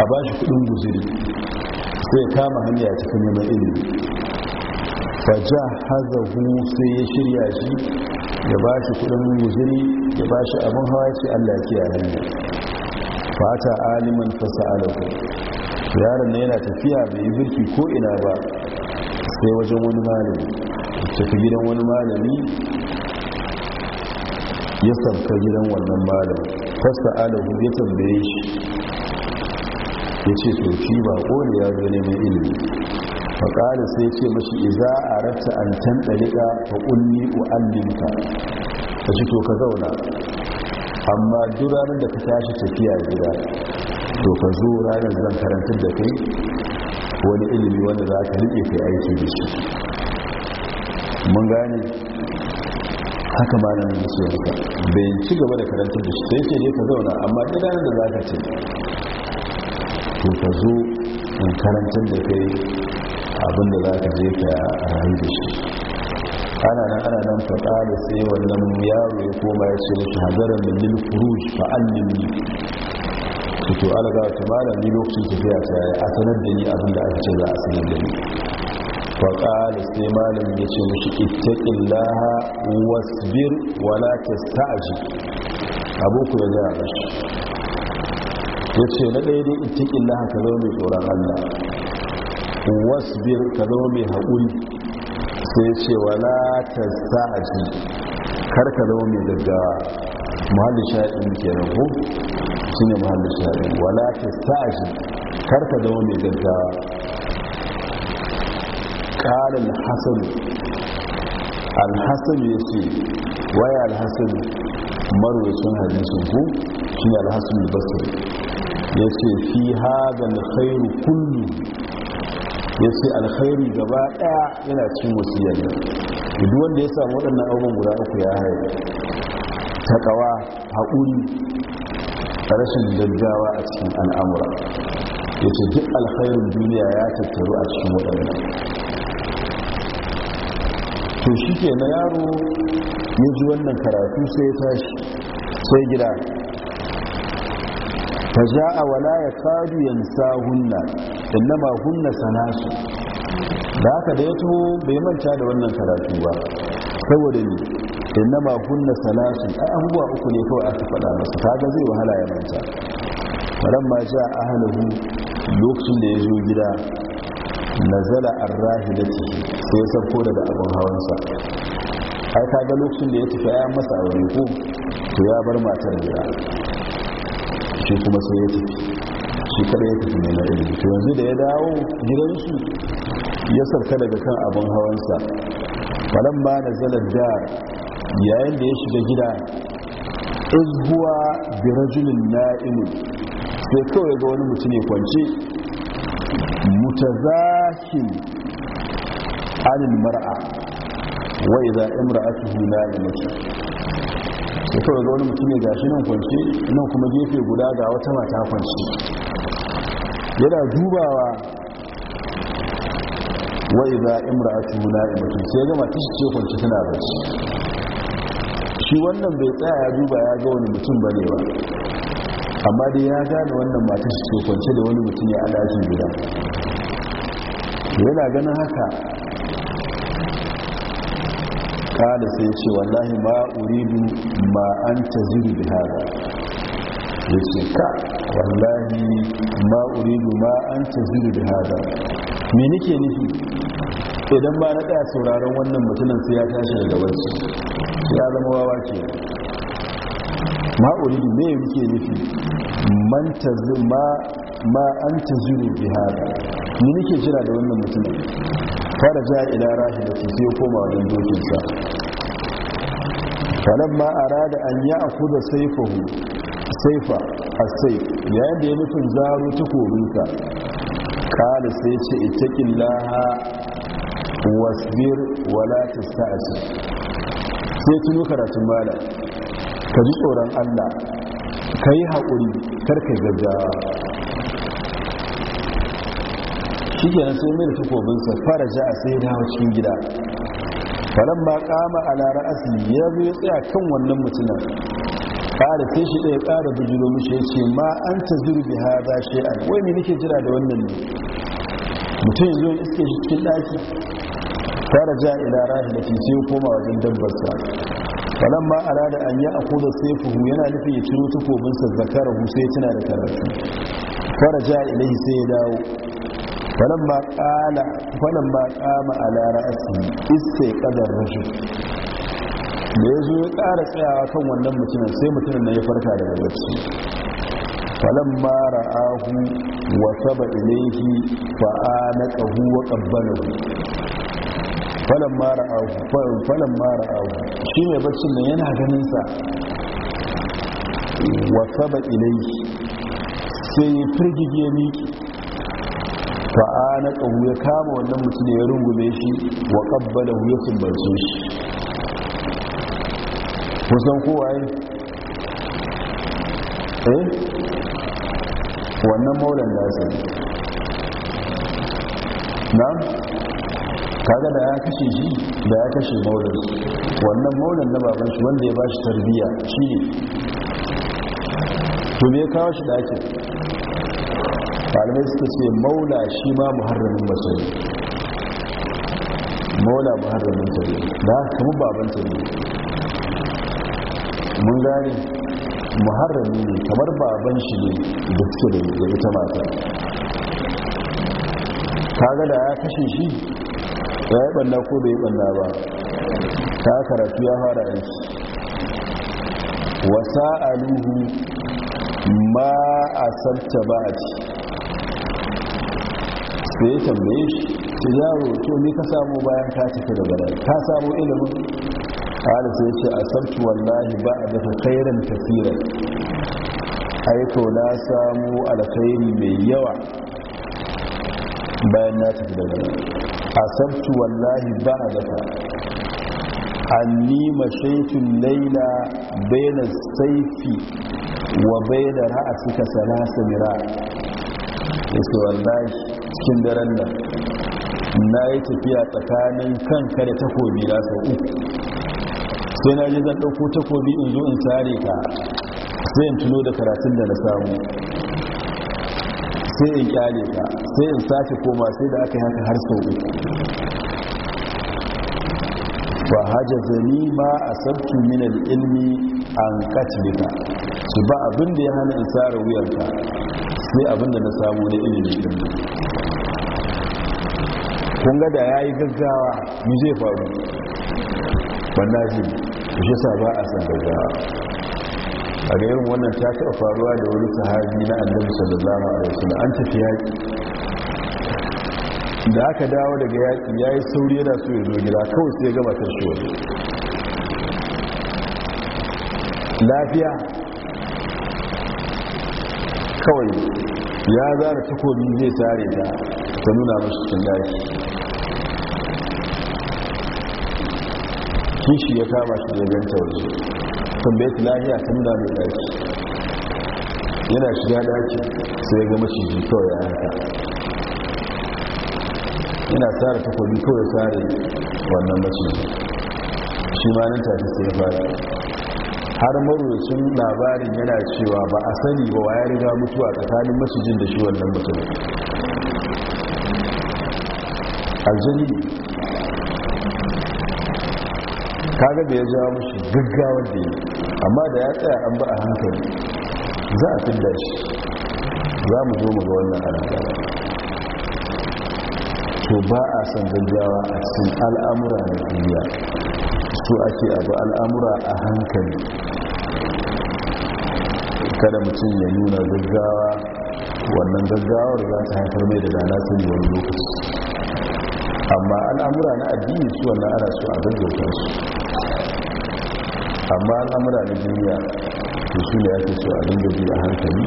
a ba shi kudin guzuri sai kama hanya tafi neman ilimi faja hazahu sai ya shirya shi ya ba shi kudin guzuri ya ba shi abin hawa ce allah ke a hanya fata aliman fasa'alahu yaron na yana tafiya bai yi birki ko ina ba sai wajen wani malami tafi gidan wani malami ya sabka gidan wannan malam fasta alahu ya tambaye shi ya ce sauki ba kone ya zo mai ilimi faƙari sai ce mashi iza a rata an can ɗariƙa fa ƙulli u'allinka a ci to ka zauna amma ranar da ka tashi tafiya gida to ka zo ranar zan karantar da kai wani ilimi wanda za ka riƙe kai aiki da shi mun gane haka ba na nake yanka bai ci gaba da karantar da shi sai ce ne ka zauna amma ta ranar da za ka ce to ka zo in karantar da kai abinda za ka je ka rayu da shi ana nan ana nan faɗa da sai wannan yaro ya koma ya ce mashi hadarar da mil furuj fa'allin fito ga ta malami lokacin tafiya ta yi a sanar da ni abin da aka cewa za a sanar da ni qala sai malam ya ce mashi ittaƙin laha wasbir wala ta sta'aji aboku ya gaya mashi ya ce na ɗaya dai ittaqillaha ka zama mai tsoron allah wasbir ka zama mai haƙuri sai ce wala ta sta'aji kar ka zama mai gaggawa muhalli da kenan ko shine muhammad shari'a wala ta tastaji karka zama mai gaggawa qala al-hasan al-hasan yace waya al marwacin hadisin ku shine al-hasan al ya yace fi haɗa al-khair kullu ce alkhairu gaba ɗaya yana cin cikin yadda duk wanda ya samu waɗannan abubuwan guda uku ya ta ƙawa haƙuri rashin gaggawa a cikin al'amura ya ce duk alkhairun duniya ya tattaru a cikin waɗannan to shi ke na yaro ya ji wannan karatu sai tashi sai gida ta ja a wala ya kadu yansa hunna innama hunna su, da haka da ya taho bai manta da wannan karatu ba saboda ne ma kunna salasun a abubuwa uku ne kawai aka faɗa masa kaga zai wahala ya manta faran ma ja ahlahu lokacin da ya zo gida nazala arrahilati sai ya sauko daga hawan hawansa ai kaga lokacin da ya tafi ya masa aure ko to ya bar matar gida shi kuma sai ya tafi shi kada ya tafi neman ilimi to yanzu da ya dawo gidansu ya sarka daga kan abin hawansa falamma nazalar dar yayin da ya shiga gida izbuwa bi rajulin na'imun sai kawai ga wani mutum ne kwance mutazakin anil mar'a wa idza imra'atuhu na'imatu sai kawai ga wani mutum ne gashi nan kwance nan kuma gefe guda ga wata mata kwance yana dubawa wa idza imra'atuhu na'imatu sai ga mata ce kwance tana bacci shi wannan bai tsaya ya duba ya ga wani mutum ba ne ba amma dai ya gane wannan mata su ke da wani mutum ya alaji gida. yana ganin haka kada sai ce wallahi ma uridu ma an ta zuru da haka ya ce ka wallahi ma uridu ma an ta da haka mai nike nufi idan ba na ɗaya sauraron wannan mutumin sai ya tashi daga wasu ya zama wawa ke ma'uridu ne yake nufi manta ma ma an ta zuru bi ni nike jira da wannan mutumin fara ja ila su sai koma wajen dokinsa falamma arada an ya'khudha saifahu saifa asai yayin da ya nufin zaro takobinsa kala sai ce itaqillaha wasbir wala ta tasta'sir sai tuno karatun malam ka ji tsoron allah ka yi haƙuri karka gaggawa shi ke nan sai mai da sa fara ja a sai hau cikin gida faran ba kama a lara asali ya zo ya tsaya kan wannan mutumin ƙara sai shi ɗaya ƙara bujiro mishi ya ce ma an ta zurbi ha za shi an wani jira da wannan ne mutum ya zo ya iske shi cikin ɗaki faraja ila rahilati sai koma wajen dabbarsa falan ma arada an yi sai fuhu yana nufi ya ciro takobinsa hu sai tana da karatu ila ilaihi sai ya dawo falan ma kala falan ma kama ala ra'asi istai kadar rajul da ya zo ya kara tsayawa kan wannan mutumin sai mutumin na ya farka daga bacci falon mara ahu wa saba ilaihi fa'ana ƙahu wa ƙabbalahu falon mara abu falon mara abu shi mai baccin nan yana ganinsa wata ba sai ya firgigi ya miki fa'ana ƙahu ya kama wannan mutum ya rungume shi wa ƙabbala ya sumbace shi kusan kowa yi eh wannan maulan nasa na kaga da ya kashe shi da ya kashe maulin wannan maulin na baban shi wanda ya ba shi tarbiya shi ne to me kawo shi da ake suka ce maula shi ma muharramin masai maula muharramin tare da haka kama baban tare mun gane muharrami ne kamar baban shi ne da suke da ita mata kaga da ya kashe shi ya yi ɓanna ko bai ya ɓanna ba ta karatu ya fara aiki wasa aluhu ma a sarta ba a ci sai ya tambaye shi ta yaro to ne ka samu bayan ka cika da gada ka samu ilimin ƙada sai ce a sarki wallahi ba a dafa kairan tafira aiko na samu alkhairi mai yawa bayan na tafi da gada asabtu wallahi ba'daka anni mashaytul layla bayna sayfi wa bayna ra'sika salasa mira wallahi cikin daren nan na yi tafiya tsakanin kan da takobi na sau uku sai na ji zan ɗauko takobi in zo in tare ka sai in tuno da karatun da na samu sai in kyale ka sai in sake koma sai da aka yi haka har sau uku ba hajja zani ma a sabtu minal ilmi an katlika su ba abin da ya hana in tsara wuyarta sai abin da na samu na ilimi din kun ga da yi gaggawa mu zai faru ji shi shi sa ba a san gaggawa a da irin wannan ta taɓa faruwa da wani sahabi na annabi sallallahu alaihi wasallam an tafi yaƙi da aka dawo daga yaƙi ya yi sauri yana so ya zo gida kawai sai gama ta shi wani lafiya kawai ya zara takobi zai tare ta ta nuna mashi cikin daji kishi ya kama shi da ganta waje tambaye ta lahiya tun da mai ɗaki yana shiga ɗaki sai ya ga maciji kawai ya haka yana tsara takobi kawai tsari wannan maciji shi ma nan tafi sai fara har marocin labarin yana cewa ba a sani ba ya riga mutuwa tsakanin macijin da shi wannan mutum aljani kaga da ya jawo mashi gaggawar da yi amma da ya tsaya an ba a hankali za a fidda shi za mu zo mu ga wannan alaƙa to ba a san gaggawa a cikin al'amura na duniya su ake abu al'amura a hankali kada mutum ya nuna gaggawa wannan gaggawar za ta haifar mai da dana sun yi wani lokaci amma al'amura na addini su wannan ana su a gaggauta su amma al'amura na duniya da su ne ake so a dinga bi a hankali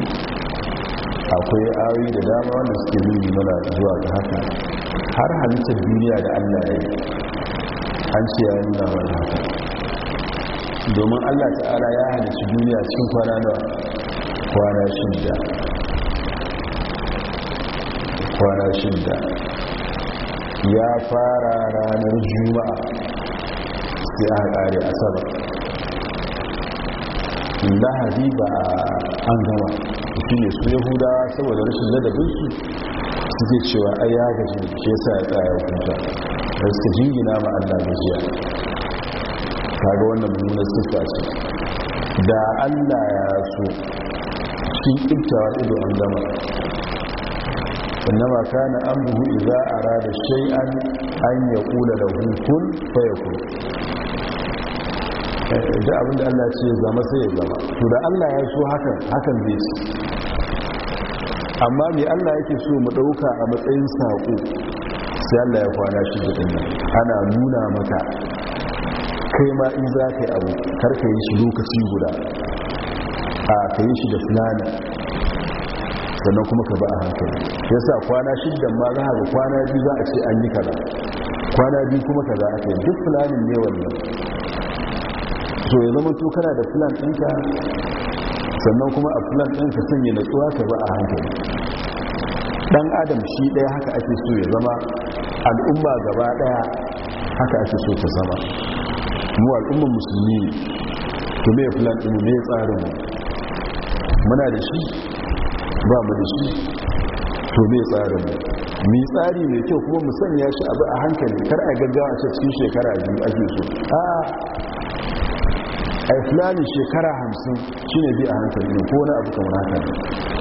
akwai ayoyi da dama wanda suke nuni mana zuwa ga haka har halittar duniya da allah ya yi an ce ya nuna wani haka domin allah ta'ala ya halitta duniya cikin kwana nawa kwana shida kwana shida ya fara ranar juma'a sai a ƙare asabar lahadi ba an gama shi ne su yahuda saboda rashin ladabinsu suke cewa ai ya gaji shi yasa ya tsaya hukunta da suka jingina ma allah gajiya kaga wannan mummunar siffa ce da allah ya so shi kibtawa ido an gama innama kana amruhu idza arada shay'an an yaqula lahu kun fayakun da abinda Allah ce ya zama sai ya zama to da Allah ya so hakan hakan zai ci amma mai Allah yake so mu ɗauka a matsayin saƙo sai Allah ya kwana shi da dinnan ana nuna maka kai ma in za ka yi abu ka yi shi lokaci guda a ka yi shi da fulani sannan kuma ka ba a hankali ya sa kwana da ma za a ga kwana biyu za a ce an yi kaza kwana biyu kuma kaza aka yi duk fulanin ne wannan so ya zama to kana da filan ɗinka sannan kuma a filan ɗinka sanya natsuwa ka ba a hankali ɗan adam shi ɗaya haka ake so ya zama al'umma gaba ɗaya haka ake so ta zama mu al'umman musulmi to me filan ɗinmu me tsarin muna da shi ba mu da shi to me tsarin mu tsari mai kyau kuma mu sanya shi abu a hankali kar a gaggawa a cikin shekara biyu ake so a a shekara hamsin shi ne a hankali ne ko wani abu kamar haka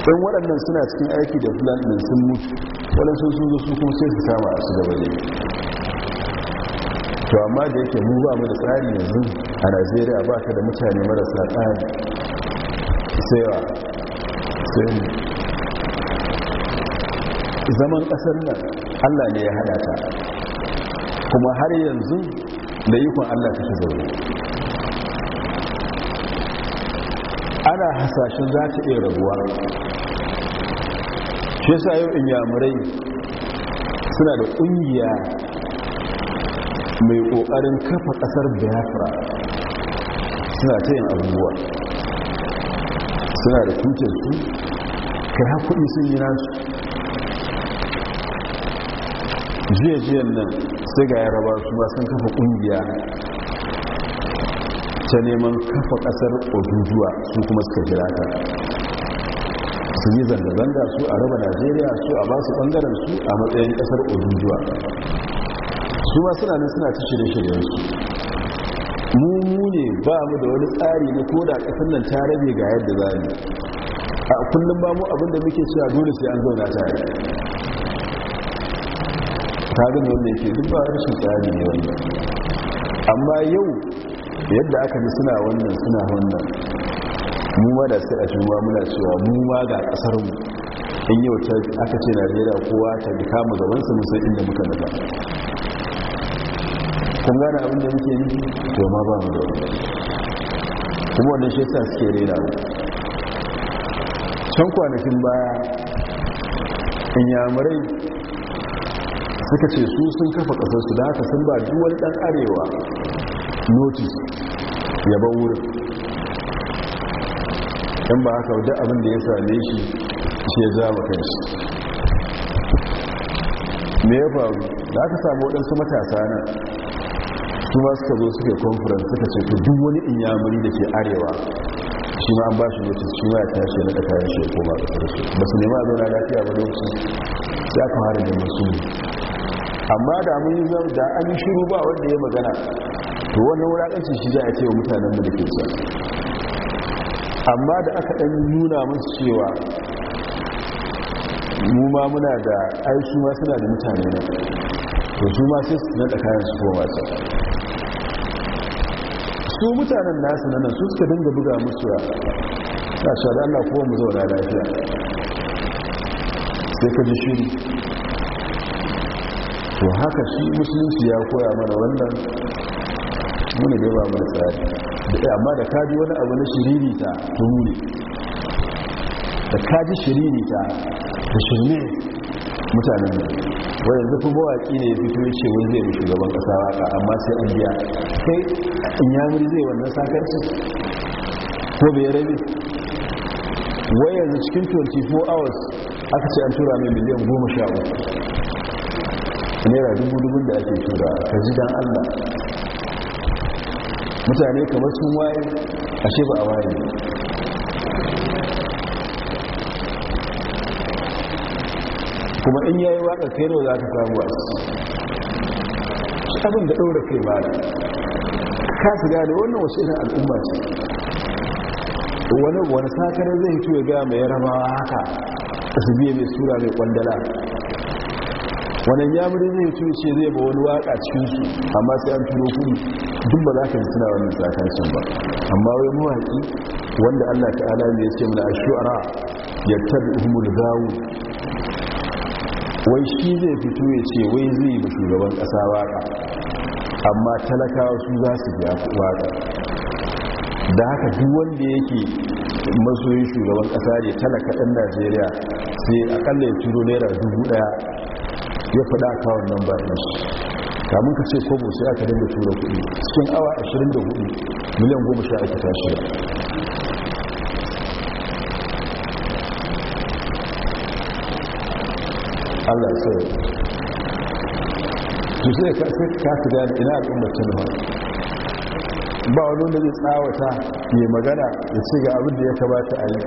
don waɗannan suna cikin aiki da fulani ɗin sun mutu waɗansu sun zo su kuma sai su sama a su gaba ne to amma da yake mu ba mu da tsari yanzu a najeriya ba ka da mutane marasa tsari sai wa sai zaman ƙasar nan allah ne ya hada ta kuma har yanzu da ikon allah ta take zaune ana hasashen za ta iya rabuwa shi sa yau inyamurai suna da ƙungiya mai ƙoƙarin kafa ƙasar biafra suna ta yin abubuwa suna da tutarsu kai haƙuɗi sun yi nasu jiya-jiyan nan sai ga yaraba su ba sun kafa ƙungiya ta neman kafa kasar ojujuwa su kuma suka jira ta sun yi zanga-zanga su a raba najeriya su a basu bangaren su a matsayin kasar ojujuwa su ma suna nan suna cikin shirin su mu mu ne ba mu da wani tsari na koda kasan nan ta rabe ga yadda za ni a kullum ba mu abinda muke cewa dole sai an zauna tare ta gani wanda yake duk ba rashin tsari ne wanda amma yau yadda aka ji suna wannan suna wannan mu ma da sai a cewa muna cewa mu ma ga kasar mu in yau ta aka ce najeriya kowa ta bi kama su musa inda muka nufa kun gane abin da muke nufi to ma ba mu da wani kuma wannan shi yasa suke rera mu can kwanakin baya inyamurai suka ce su sun kafa su da haka sun ba duwal dan arewa notice ya bar wurin in ba haka duk abin da ya same shi shi ya zama kanshi me ya faru da aka samu waɗansu matasa na su ma suka zo suke conference suka ce duk wani inyamuri da ke arewa shi ma an ba shi mutum shi ma ya tashi na ƙasa ya ko ba ba su nema zauna lafiya ba lokaci ya kamar da masu amma da mun yi zama da an yi shiru ba wanda ya magana to wannan wulakanci shi za a ce wa mutanen mu da ke can amma da aka ɗan nuna musu cewa mu ma muna da ai su ma suna da mutane ne to su ma sai su da kayan su koma su su mutanen nasu nan su suka dinga buga musu ta sha da Allah kowa mu zauna lafiya sai ka ji shiri to haka shi musulunci ya koya mana wannan muni dai ba mu da tsari da eh, amma da kaji wani abu na shiriri ta duhu da kaji shiriri ta da shirme mutanen ne wanda zafi mawaƙi ne ya fito ya ce wani zai bi shugaban ƙasa waka amma sai an biya kai in ya yamuri zai wannan sakarci ko bai rabe Wayanzu yanzu cikin 24 hours aka ce an tura mai miliyan goma sha'u. naira dubu dubun da ake tura ka ji dan allah mutane kamar sun waye ashe ba a waye kuma in yayi waka sai nawa za ka samu wasu abin da ɗaura kai ba da ka su gane wannan wasu irin al'umma ce wani wani sakare zai hito ya gaya mai rabawa haka su biye mai sura mai kwandala wani yamurin zai hito ce zai ba wani waƙa cikinsu amma sai an turo kudu duk ba za ka yi suna wannan sakancin ba amma wai mawaƙi wanda allah ta'ala ne ya ce mana a shu'ara ya tabi umar wai shi zai fito ya ce wai zai yi shugaban ƙasa waƙa amma talakawa su za su biya waƙa da haka duk wanda yake masoyin shugaban ƙasa ne talaka ɗan najeriya sai akalla ya turo naira dubu ɗaya ya faɗa kawon nan ba shi kamun ka ce kobo sai aka dinga tura kudi cikin awa 24 miliyan 10 aka tashi Allah sai to sai ka sai ka ta gane ina al'ummar ta nawa ba wani wanda zai tsawata ya magana ya ce ga abin da ya kamata a yi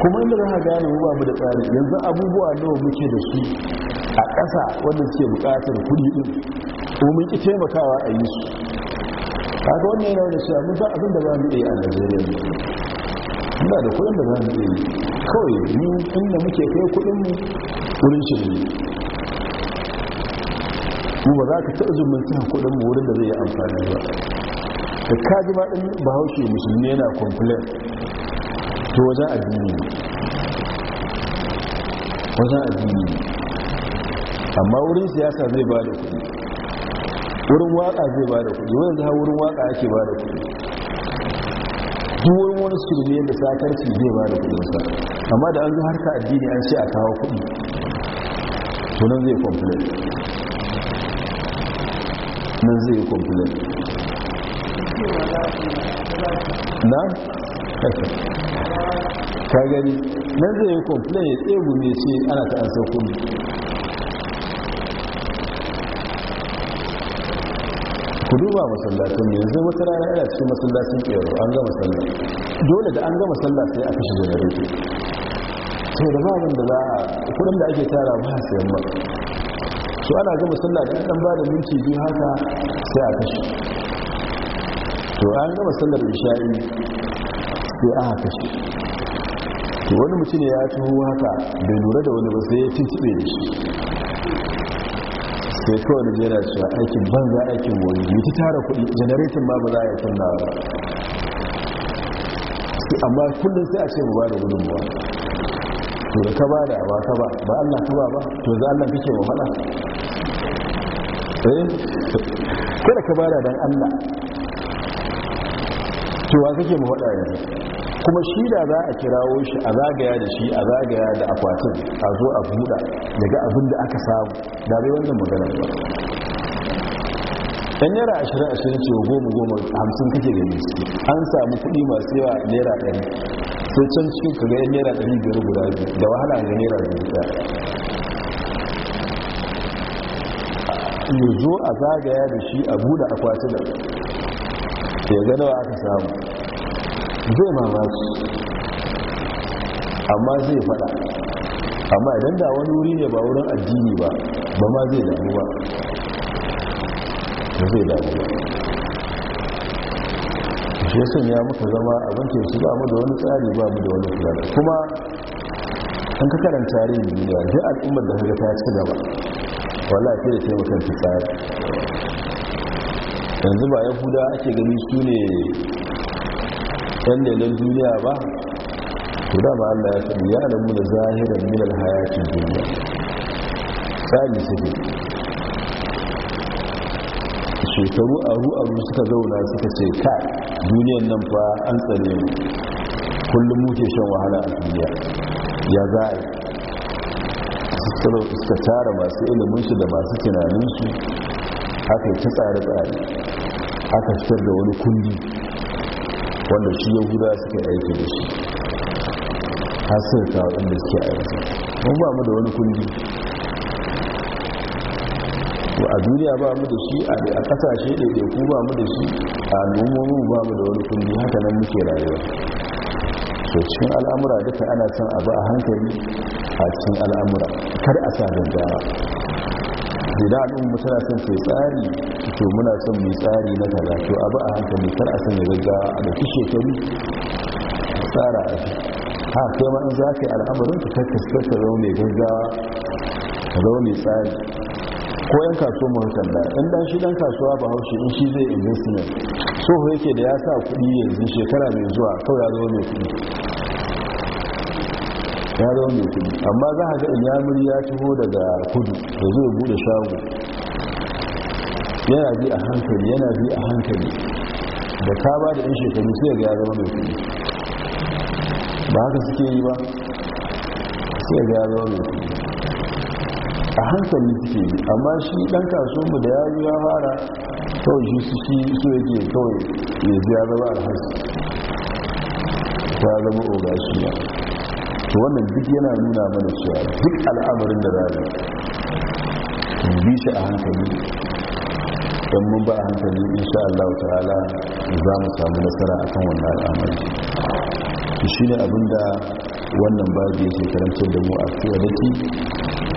kuma inda za a gane mu ba mu da tsari yanzu abubuwa nawa muke da su a ƙasa wanda suke buƙatar kuɗi ɗin domin ki taimakawa a yi su kaga wannan yana da cewa mun san abin da za mu iya a najeriya muna da kuɗin da za mu iya kawai mu inda muke kai kuɗin mu wurin shirme mu ba za ka taɓa zumunta kuɗin mu wurin da zai yi amfani ba da kaji ma ɗin bahaushe musulmi yana complain to wajen addini wajen addini amma wurin siyasa zai ba da kudi wurin waka zai ba da kudi wanda ha wurin waka ake ba da kudi duwar wani shirme da sakarci zai ba da sa, amma da an zo harka addini an ce a kawo kudi tunan zai komplet nan zai komplet na? [LAUGHS] ka gani nan zai komplet ya tsebu ne ce ana ta an sauko ku duba masallacin yanzu wata rana yana cikin masallacin kero an gama sallah dole da an gama sallah sai a kashe janareto To da babin da za a kudin da ake tara ba a sayan ba su ana gama sallah da ɗan ba da minti biyu haka sai a kashe to an gama sallar isha'i sai a kashe wani mutum ya tuhu haka bai lura da wani ba sai ya tuntube da shi sai kawai da jera cewa aikin banza aikin wani ta tara kudi janaretin ma ba za a yi tunna ba amma kullum sai a ce mu ba da ba. to da ka ba da ba ka ba ba allah ka ba ba to za allah kake wa faɗa eh kada ka ba da dan allah to wa kake mu faɗa yanzu kuma shi da za a kirawo shi a zagaya da shi a zagaya da akwatin a zo a buɗa daga abin da aka samu da bai wannan maganar ba yan naira ashirin ashirin ce goma goma hamsin kake da gani an samu kuɗi masu yawa naira ɗari sai can cikin ka ga yan naira ɗari biyar guda biyu da wahala ga naira biyu ɗaya ya zo a zagaya da shi a buɗe da ya ga nawa aka samu zai mamaki amma zai fada amma idan da wani wuri ne ba wurin addini ba ba ma zai damu ba ba zai damu ba shi sun ya muka zama abin bankin su ba mu da wani tsari ba mu da wani fulani kuma an ka karanta tarihin duniya al'ummar da kaga ta ci gaba wala ke da taimakon ta tsari yanzu ba yahuda ake gani su ne yan duniya ba to da ba Allah ya sani ya alamu da zahirar minal hayatin duniya shi suke shekaru aru-aru suka zauna suka ce ka duniyan nan fa an tsare kullum muke shan wahala a duniya ya za a suka tara masu ilimin iliminsu da masu tunaninsu aka yi tsare-tsare aka fitar da wani kundi wanda shi yahuda suka aiki da shi ta waɗanda suke a yanzu mun ba mu da wani kundi a duniya ba mu da shi a ƙasashe ɗaiɗaiku ba mu da shi a al'ummomin ba mu da wani kundi haka nan muke rayuwa so cikin al'amura duka ana son abu a hankali a cikin al'amura kar a sa gangara idan al'umma tana son sai tsari to muna son mai tsari na kaza to abu a hankali kar a sanya gaggawa a da shekaru tsara a shi ha kai ma za ka yi al'amarin ka kakkaskar ka zaune gaggawa ka mai tsari ko yan kasuwa mu sanda in dan shi dan kasuwa ba haushi in shi zai investment so ho yake da ya sa kuɗi yanzu shekara mai zuwa kawai ya zama mai kuɗi ya zama mai kuɗi amma za ka ga inyamuri ya taho daga kudu da zai bude shago yana bi a hankali yana bi a hankali da ka ba da yan shekaru sai ga ya zama mai kuɗi ba haka suke yi ba sai ga ne a hankali suke yi amma shi dan kasuwanmu da yazo ya fara kawai shi su shi su yake kawai ya ji ya zama hasi ta zama ba to wannan duk yana nuna mana cewa duk al'amarin da zai bi shi a hankali don mun ba a hankali insha Allah ta'ala za mu samu nasara akan wannan al'amari to shi ne abinda wannan babu yake karantar da mu a fiye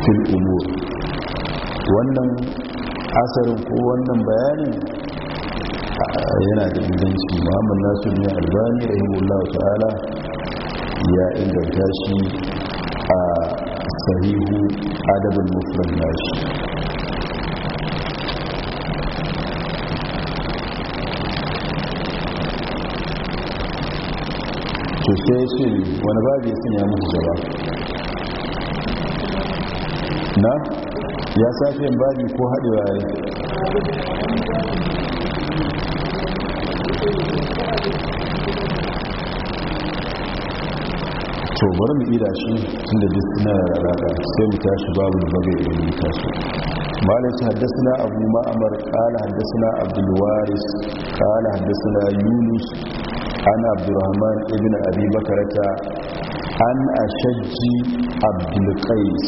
fil umur wannan asarin ko wannan bayanin yana da inganci muhammad nasu ne albani rahimullahu ta'ala ya inganta shi a sahihu adabin mufran nashi to sai ce wani babu ya sanya musu gaba na ya sake yin babi ko haɗewa ya to bari mu ida shi tunda duk suna rarraba sai mu tashi babu da babu idan mu tashi malai su haddasa abu ma'amar kala haddasa abdulwaris kala haddasa yunus an abdurrahman ibn abi ta, an ashajji abdulkais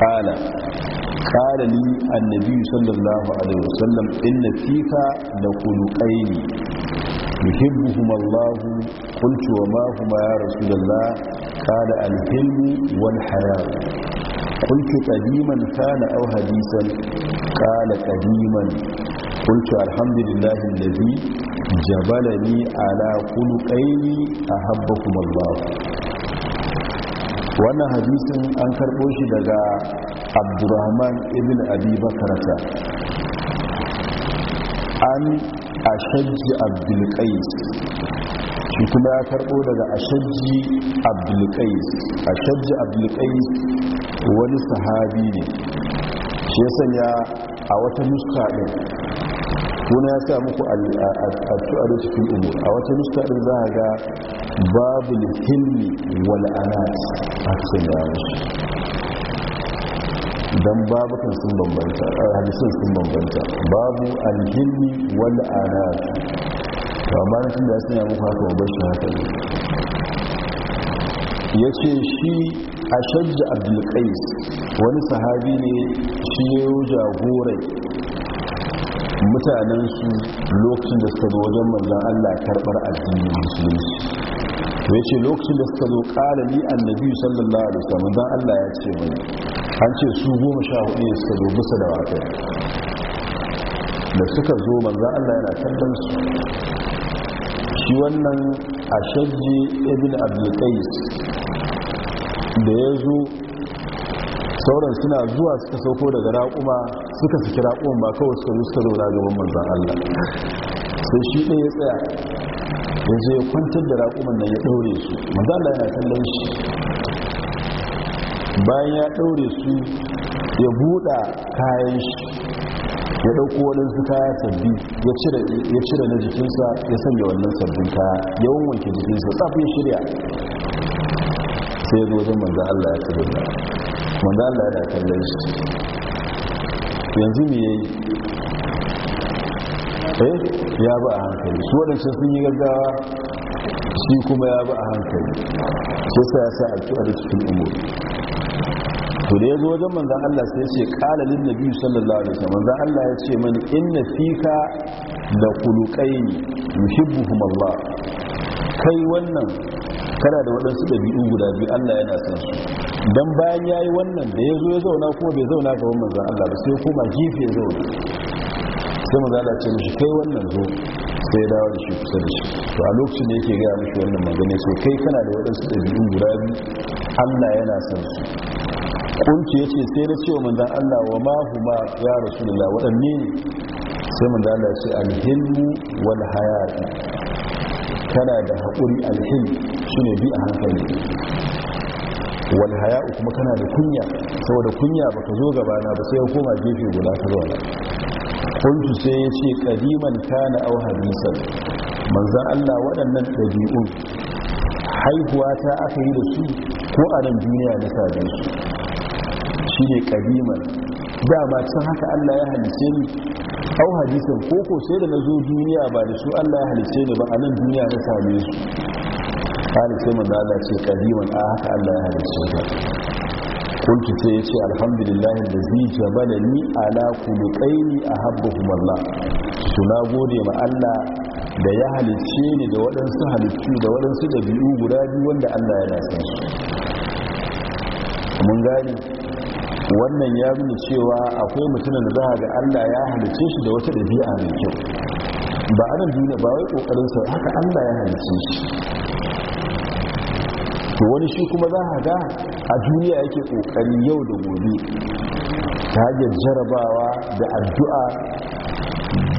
kala kala li annabi sallallahu alaihi wasallam inna fika da kulukaini yuhibbuhum allah qultu wa ma ya rasulullah kala alhilmu wal haya qultu qadiman kana aw hadisan kala qadiman qultu alhamdulillahi alladhi jabalani ala kulukaini a habba wannan hadisin an karɓo shi daga abdurrahman ibn abi ta. an ashajji abdulkais shi kuma ya karɓo daga ashajji abdulkais ashajji abdulkais wani sahabi ne shi ya sanya a wata nuska ɗin wani ya sa muku al'adu cikin umur a wata nuskaɗin za a ga babu hilmi wal'anat a cikin yawon don babukan sun bambanta hadisun sun bambanta babu alhilmi wal anat to amma na tun da ya sanya muku haka babban shi haka ne ya ce shi a shajja abdulkais wani sahabi ne shi ya yi jagorai mutanen su lokacin da suka zo wajen manzan Allah karbar addinin musulunci to yace lokacin da suka zo kala li annabi sallallahu alaihi wasallam manzan Allah ya ce mai an ce su goma sha hudu ne suka zo bisa da wata da suka zo manzan Allah yana kallon su shi wannan ashajji ibn abdul qais da ya zo sauran suna zuwa suka sauko daga raƙuma suka su kira uwan ba kawai suka zo suka zauna gaban manzan Allah sai shi ɗaya tsaya ya je ya kwantar da raƙuman nan ya ɗaure su manzan Allah yana kallon shi bayan ya ɗaure su ya buɗa kayan shi ya ɗauko waɗansu kaya sabbi ya cire na jikinsa ya sanya wannan sabbin kaya ya wanke jikinsa ya shirya sai ya zo wajen manzan Allah ya tsirin manzan Allah ya kallon shi yanzu me yayi eh ya ba a hankali su waɗansu sun yi gaggawa shi kuma ya ba a hankali sai sa ya sa addu'a da cikin umuri to da ya zo wajen manzan Allah sai ce kalalin na biyu sallallahu alaihi wasallam manzan Allah ya ce mani inna fika da kulukai yuhibbuhum Allah kai wannan kana da waɗansu ɗabi'u guda biyu Allah yana son su Don bayan yayi wannan da zo ya zauna kuma bai zauna gaban zan Allah ba sai kuma gefe zauna sai manzon Allah ce mishi kai wannan zo sai dawo da shi kusa da shi to a lokacin da yake gaya mishi wannan magana sai kai kana da waɗansu ɗabi'un guda biyu Allah yana san su kunci yace sai na cewa manzan Allah wa ma huma ya da waɗanne ne sai manzon Allah ce alhilmu wal hayat kana da haƙuri alhil ne bi a hankali wani haya'u kuma kana da kunya saboda kunya baka zo gaba na ba sai ya koma gefe guda ta Kun kuntu sai ya ce kadiman na au hadisan manzan Allah waɗannan ɗabi'un haihuwa ta aka yi da su ko a nan duniya na same su shi ne kadiman dama can haka Allah ya halice ni au hadisan koko sai da na zo duniya ba da su Allah ya halice ni ba a nan duniya na same su kala sai mu Allah ce kadiman a ah, haka Allah ya halice ka kuntu sai yace alhamdulillah allazi ni ala kulqaini ahabbuhuma Allah to na gode ma Allah da ya halice ni da waɗansu halittu da waɗansu dabi'u guda biyu wanda Allah ya nasa mun gani wannan ya nuna cewa akwai mutumin da za ga Allah ya halice shi da wata dabi'a mai kyau ba anan duniya ba wai kokarin sa haka Allah ya halice shi to wani shi kuma za a ga a duniya yake kokari yau da gobe ta hajjar jarabawa da addu'a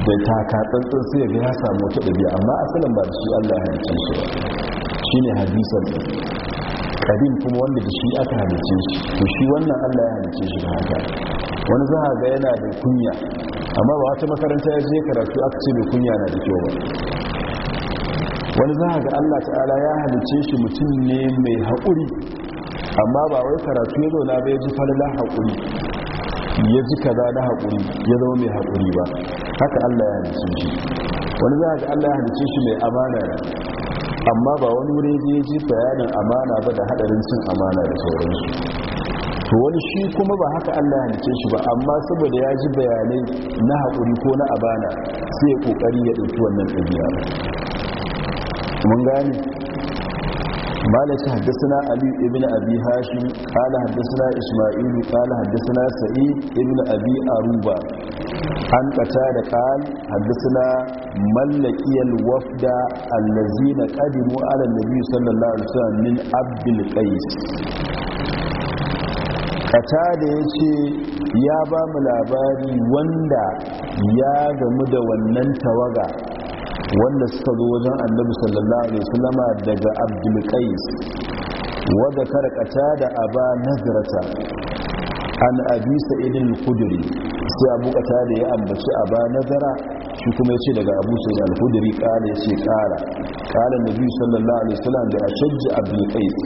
da takatsantsan sai ga ya samu wata ɗabi'a amma asalin ba da shi allah halicce shi shi ne hadisan kadim kuma wanda da shi aka halice shi to shi wannan allah ya halice shi da haka wani za a ga yana da kunya amma ba wata makaranta ya je karatu aka ce mai kunya na da kyau ba wani za ga allah ta'ala ya halice shi mutum ne mai haƙuri amma ba wai karatu ya zauna ba ya ji falala haƙuri ya ji kaza na haƙuri ya zama mai haƙuri ba haka allah ya halice shi wani za ga allah ya halice shi mai amana amma ba wani wuri ya ji bayanin amana ba da haɗarin cin amana da sauransu to wani shi kuma ba haka Allah ya halice shi ba amma saboda ya ji bayanai na haƙuri ko na abana sai ya ƙoƙari ya ɗauki wannan ɗabi'a mun gane malam shi haddasa ali ibn abi hashim kala haddasa isma'ilu kala haddasa sa'id ibn abi aruba an kata da kal haddasa mallakiyar wafda allazi na kadimu ala nabi sallallahu alaihi wasallam min abdul qais kata da ya ce ya ba mu labari wanda ya gamu da wannan tawaga wanda suka zo wajen annabi sallallahu alaihi wasallama daga abdul qais wa zakara da aba nazrata an abi sa'id al-khudri sai abu da ya ambaci aba nazara shi kuma yace daga abu sa'id al-khudri kala yace kala kala nabi sallallahu alaihi wasallam da ashajj abdul qais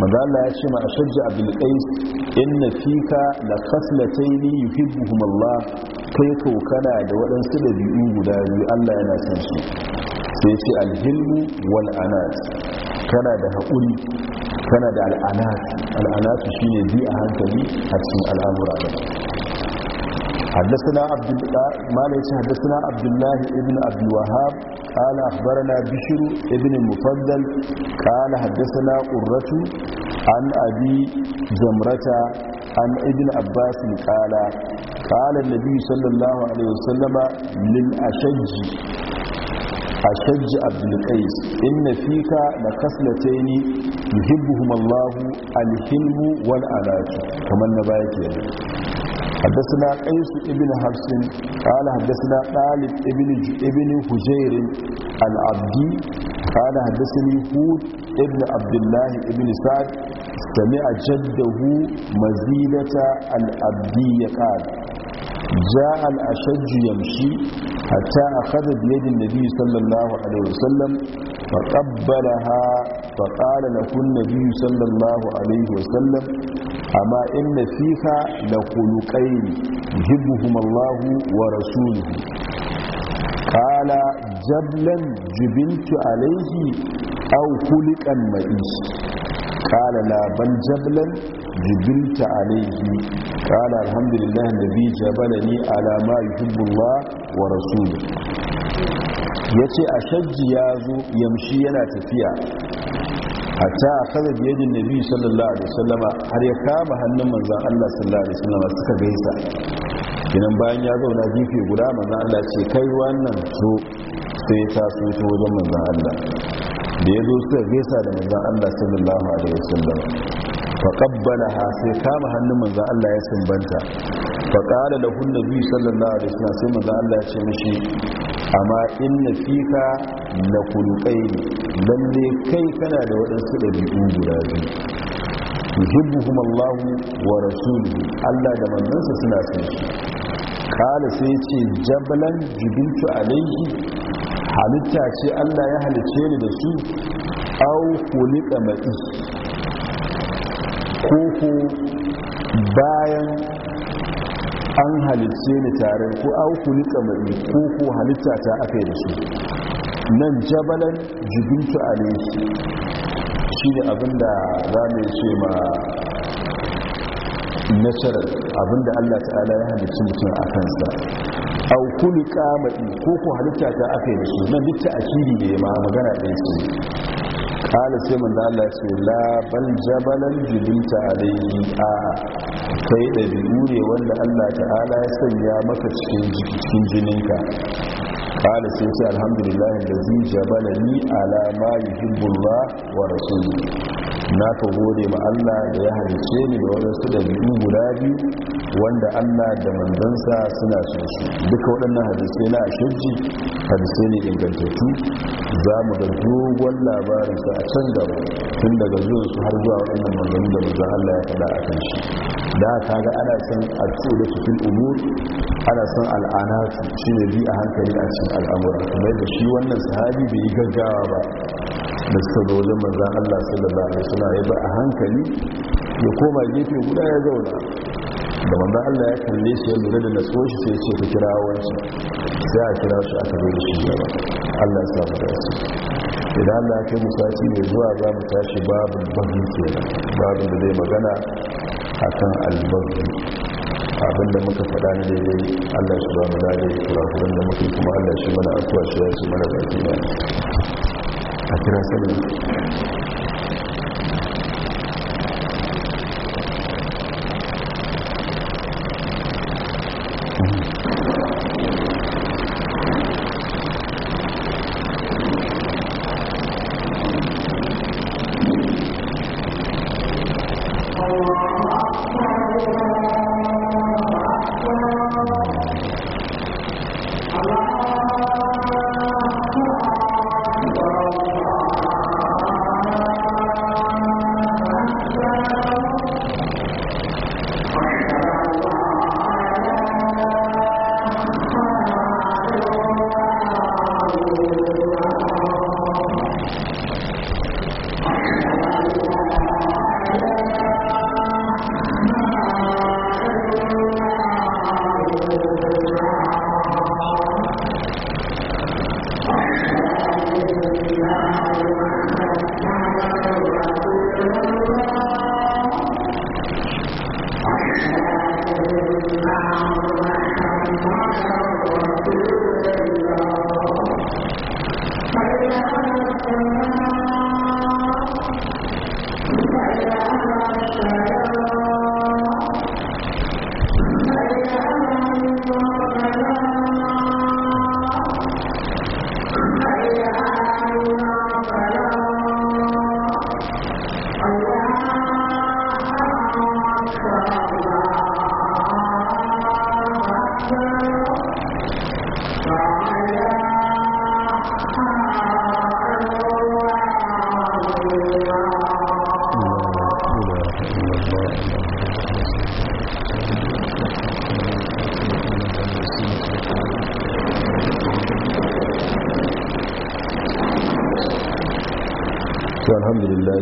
manzo Allah ya ce ma ashajj abdul qais inna fika la khaslataini yuhibbuhum Allah kai ko kana da waɗansu dabi'u guda biyu Allah yana son su sai ce alhilmu wal anat kana da haƙuri kana da al'anat al'anat shine bi a hankali a cikin al'amura da حدثنا عبد الله ما ليس حدثنا عبد الله ابن عبد الوهاب قال أخبرنا بشر ابن المفضل قال حدثنا قرة an abi jamrata an ibn abbas qala qala an-nabi sallallahu alaihi wasallama lil ashajj ashajj abdul qais inna fika la kaslatayn yuhibbuhuma allah al-hilmu wal na baya حدثنا قيس ابن حفص قال حدثنا طالب ابن ابن حجير العبدي قال حدثني هود ابن عبد الله ابن سعد Sami'a a jaddahu mazidata al'abdi ya ƙari ja al'ashajju yamshi hatta a kada biyadin nabi sallallahu alaihi wasallam faƙabbalaha faƙala na kun nabi sallallahu alaihi wasallam amma inna fiha la kulukai jibbuhumallahu wa rasuluhu ƙala jablan jibintu alaihi au kulikan ma'is qala la bal jablan jibilta alayhi qala alhamdulillah alladhi jabalani ala ma yuhibbu Allah wa rasuluhu yace ya zo yamshi yana tafiya a hatta akaza biyadin nabi sallallahu alaihi sallama har ya kama hannun manzon Allah sallallahu alaihi wasallama suka gaisa kinan bayan ya zauna gefe guda manzon Allah ce kai wannan so sai ta so wajen manzon Allah da ya zo suka gaisa da manzan Allah sallallahu alaihi wasallam fa qabbalaha sai kama hannun manzan Allah ya sumbanta fa qala lahu nabi sallallahu alaihi wasallam sai manzan Allah ya ce mashi amma inna fika na kulqain lalle kai kana da waɗansu ɗabi'u guda biyu yuhibbuhum Allah wa rasuluhu Allah da manzansa suna son su kala sai ce jablan jibiltu alaihi halitta ce Allah ya halice ni da su au kulika ma'i koko bayan an halice ni tare ko au kulika ma'i koko halitta ta aka yi da su nan jabalan jibintu alaihi shi ne abinda za mu ce ma nasarar abinda Allah ta'ala ya halice mutum a kansa au kamadi ko ku halitta ta aka yi da su nan duk ta akili ne ma magana ɗaya su kala sai manzo Allah ce la bal jabalan jibinta alayhi a kai da ne wanda Allah ta'ala ya sanya maka cikin cikin jininka kala sai sai alhamdulillah da zai jabalani ala ma yuhibbullah wa rasuluhu na ka gode ma Allah da ya halice ni da wadansu da biyu guda biyu wanda Allah da mandansa suna son su duka waɗannan hadisai na ashirji hadisai ne ingantattu za mu ga dogon labarin sa a can gaba tun daga zuwan su har zuwa waɗannan manzanni da manzan Allah ya faɗa a kan shi da ka ga ana son a da cikin umur ana son al'anatu shi ne bi a hankali a cikin al'amura kuma da shi wannan sahabi bai yi gaggawa ba da suka zo wajen manzan Allah sallallahu alaihi suna yi ba a hankali ya koma gefe guda ya zauna da manzan Allah ya kalle shi ya lura da natsuwar shi sai ce a kira wancan sai a kira shi aka zo da shi gaba Allah ya samu dace idan Allah ya kai mu sati mai zuwa za mu tashi babu bahin kenan da zai magana akan albazu da muka faɗa ne daidai Allah shi ba mu dade kurakuran da muke kuma Allah shi mana afuwa shi ya shi mana baki ba అతిరసం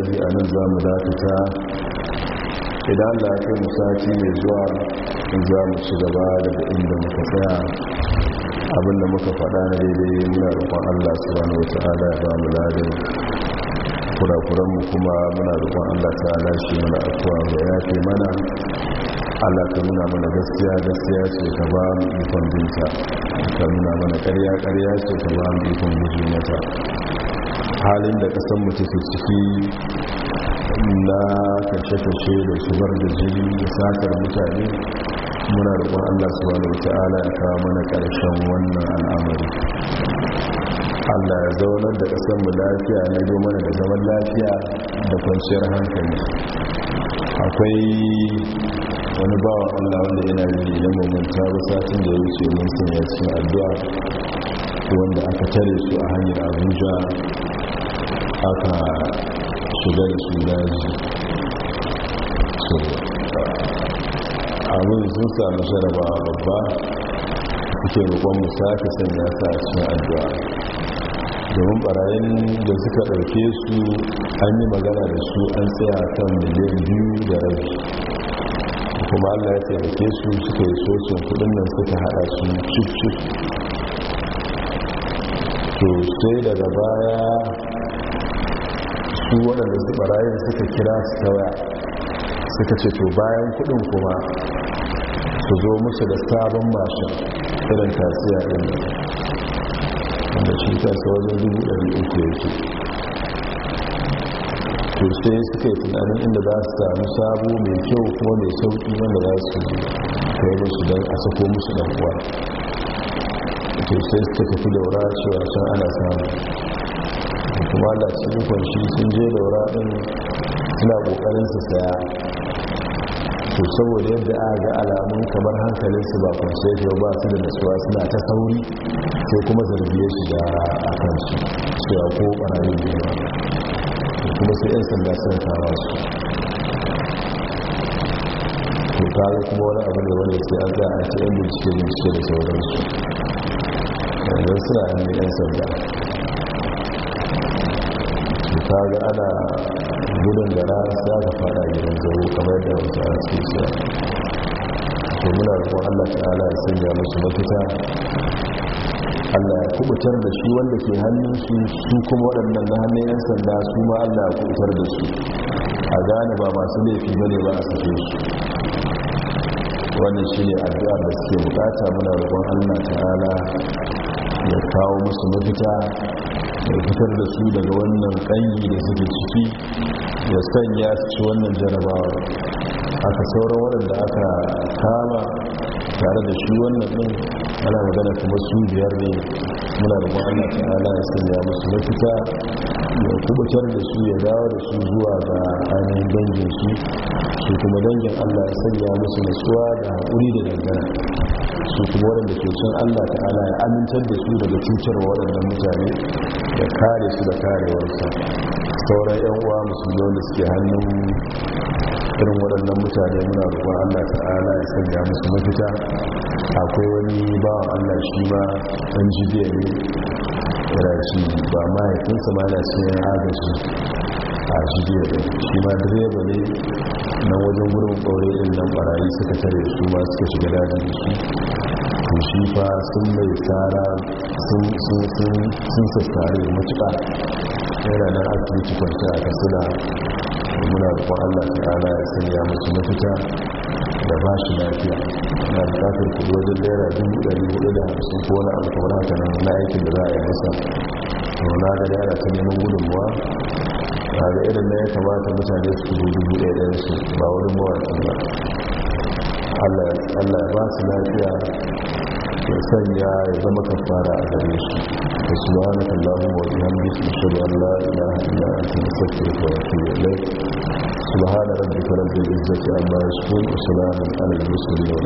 biyu a nan za mu dafita idan da aka kai mai zuwa za mu ci gaba daga inda muka tsaya abinda muka faɗa na daidai muna roƙon allah subhanahu wa ta'ala ya ba mu ladin mu kuma muna roƙon allah ta'ala shi mana afuwa da yafe mana Allah ka nuna mana gaskiya gaskiya ce ka ba mu ikon binta ka nuna mana karya karya ce ka ba mu ikon mujimata halin da kasan mace ke ciki na kashe-kashe da shigar da jini da sakar mutane muna rukun allah subhanahu wata'ala ya kawo mana karshen wannan al'amari allah ya zaunar da kasan mu lafiya na biyu mana da zaman lafiya da kwanciyar hankali akwai wani bawa allah wanda yana yi na mamanta ba satin da ya wuce mun sun ya addu'a wanda aka tare su a hanyar abuja aka shiga da su daji so abin sun sami sharaba babba suke roƙon mu sanya sa a addu'a domin barayin da suka ɗauke su an yi magana da su an tsaya kan miliyan biyu da rabi kuma allah ya taimake su suka yi sosin kudin nan suka haɗa su cif to sai daga baya su waɗanda su barayin suka kira su tawaya suka ce to bayan kuɗin kuma su zo musu da sabon mashin irin tasiya ɗin wanda shi tasa wajen dubu ɗari uku yake to sai suka yi tunanin inda za su samu sabo mai kyau kuma mai sauƙi wanda za su kai musu don a sako musu ɗan uwa to sai suka tafi daura cewa can ana samu kuma da cikin kwanci sun je daura ɗin suna ƙoƙarin su saya to saboda yadda a ga alamun kamar hankalin su ba kwanci ya ba su da nasuwa suna ta sauri sai kuma zargiye shi da a kansu cewa ko ɓarayi ne kuma sai 'yan sanda sun kama su to kare kuma wani abu ne wani sai an tsaya a ce yan bincike bincike da sauransu yanzu suna hannun 'yan sanda ta ga ana gudun gara rasa ta fada gidan zaro kamar da wasu a suciya to muna kuma allah ta'ala ya sanya musu mafita allah ya kubutar da shi wanda ke hannun su su kuma waɗannan na hannun 'yan sanda su ma allah ya kubutar da su a gane ba masu laifi ba ne ba a sake su wannan shi ne addu'ar da suke bukata muna rikon allah ta'ala ya kawo musu mafita ya fitar da su daga wannan kanyi da suke ciki ya sanya su ci wannan jarabawa aka sauran waɗanda aka kama tare da shi wannan ɗin ana magana kuma su biyar ne muna da ma'ana ta'ala ya sanya musu mafita ya kubutar da su ya dawo da su zuwa ga ainihin dangin su su kuma dangin allah ya sanya musu nasuwa da haƙuri da dangana su kuma waɗanda ke cin allah ta'ala ya amintar da su daga cutar waɗannan mutane ya kare su da karewarsa sauran yan uwa musulmi wanda suke hannun irin waɗannan mutane muna ruwa allah ta'ala ya sanya musu mafita akwai wani ba allah shi ma ɗan jibiya ne kirashi ba mahaifinsa ma yana cikin agaji a jibiya ne shi ma direba ne na wajen gurin ƙaure ɗin nan ɓarayi suka tare su ma suka shiga dajin su to shi fa sun mai tsara sun sassare matuƙa yana nan asibiti kwanci a kasuna muna kwan allah ala ya sanya masu matuƙa da ba shi lafiya na bukatar kudu wajen naira dubu ɗari hudu da hamsin ko wani abu kamar haka nan na aikin da za a yi nasa to na ga naira ta neman gudunmuwa ba ga irin na ya kamata mutane su kudu dubu ɗaya ɗaya su ba wani mawaƙi ba allah ya ba su lafiya ya sanya ya zama kafara a gare shi da su ba na kallahu wa bihamdi su shirya Allah ila ila ta musafi wa tuwa lai subhana rabbika rabbil izzati amma yasifun wa salamun alal mursalin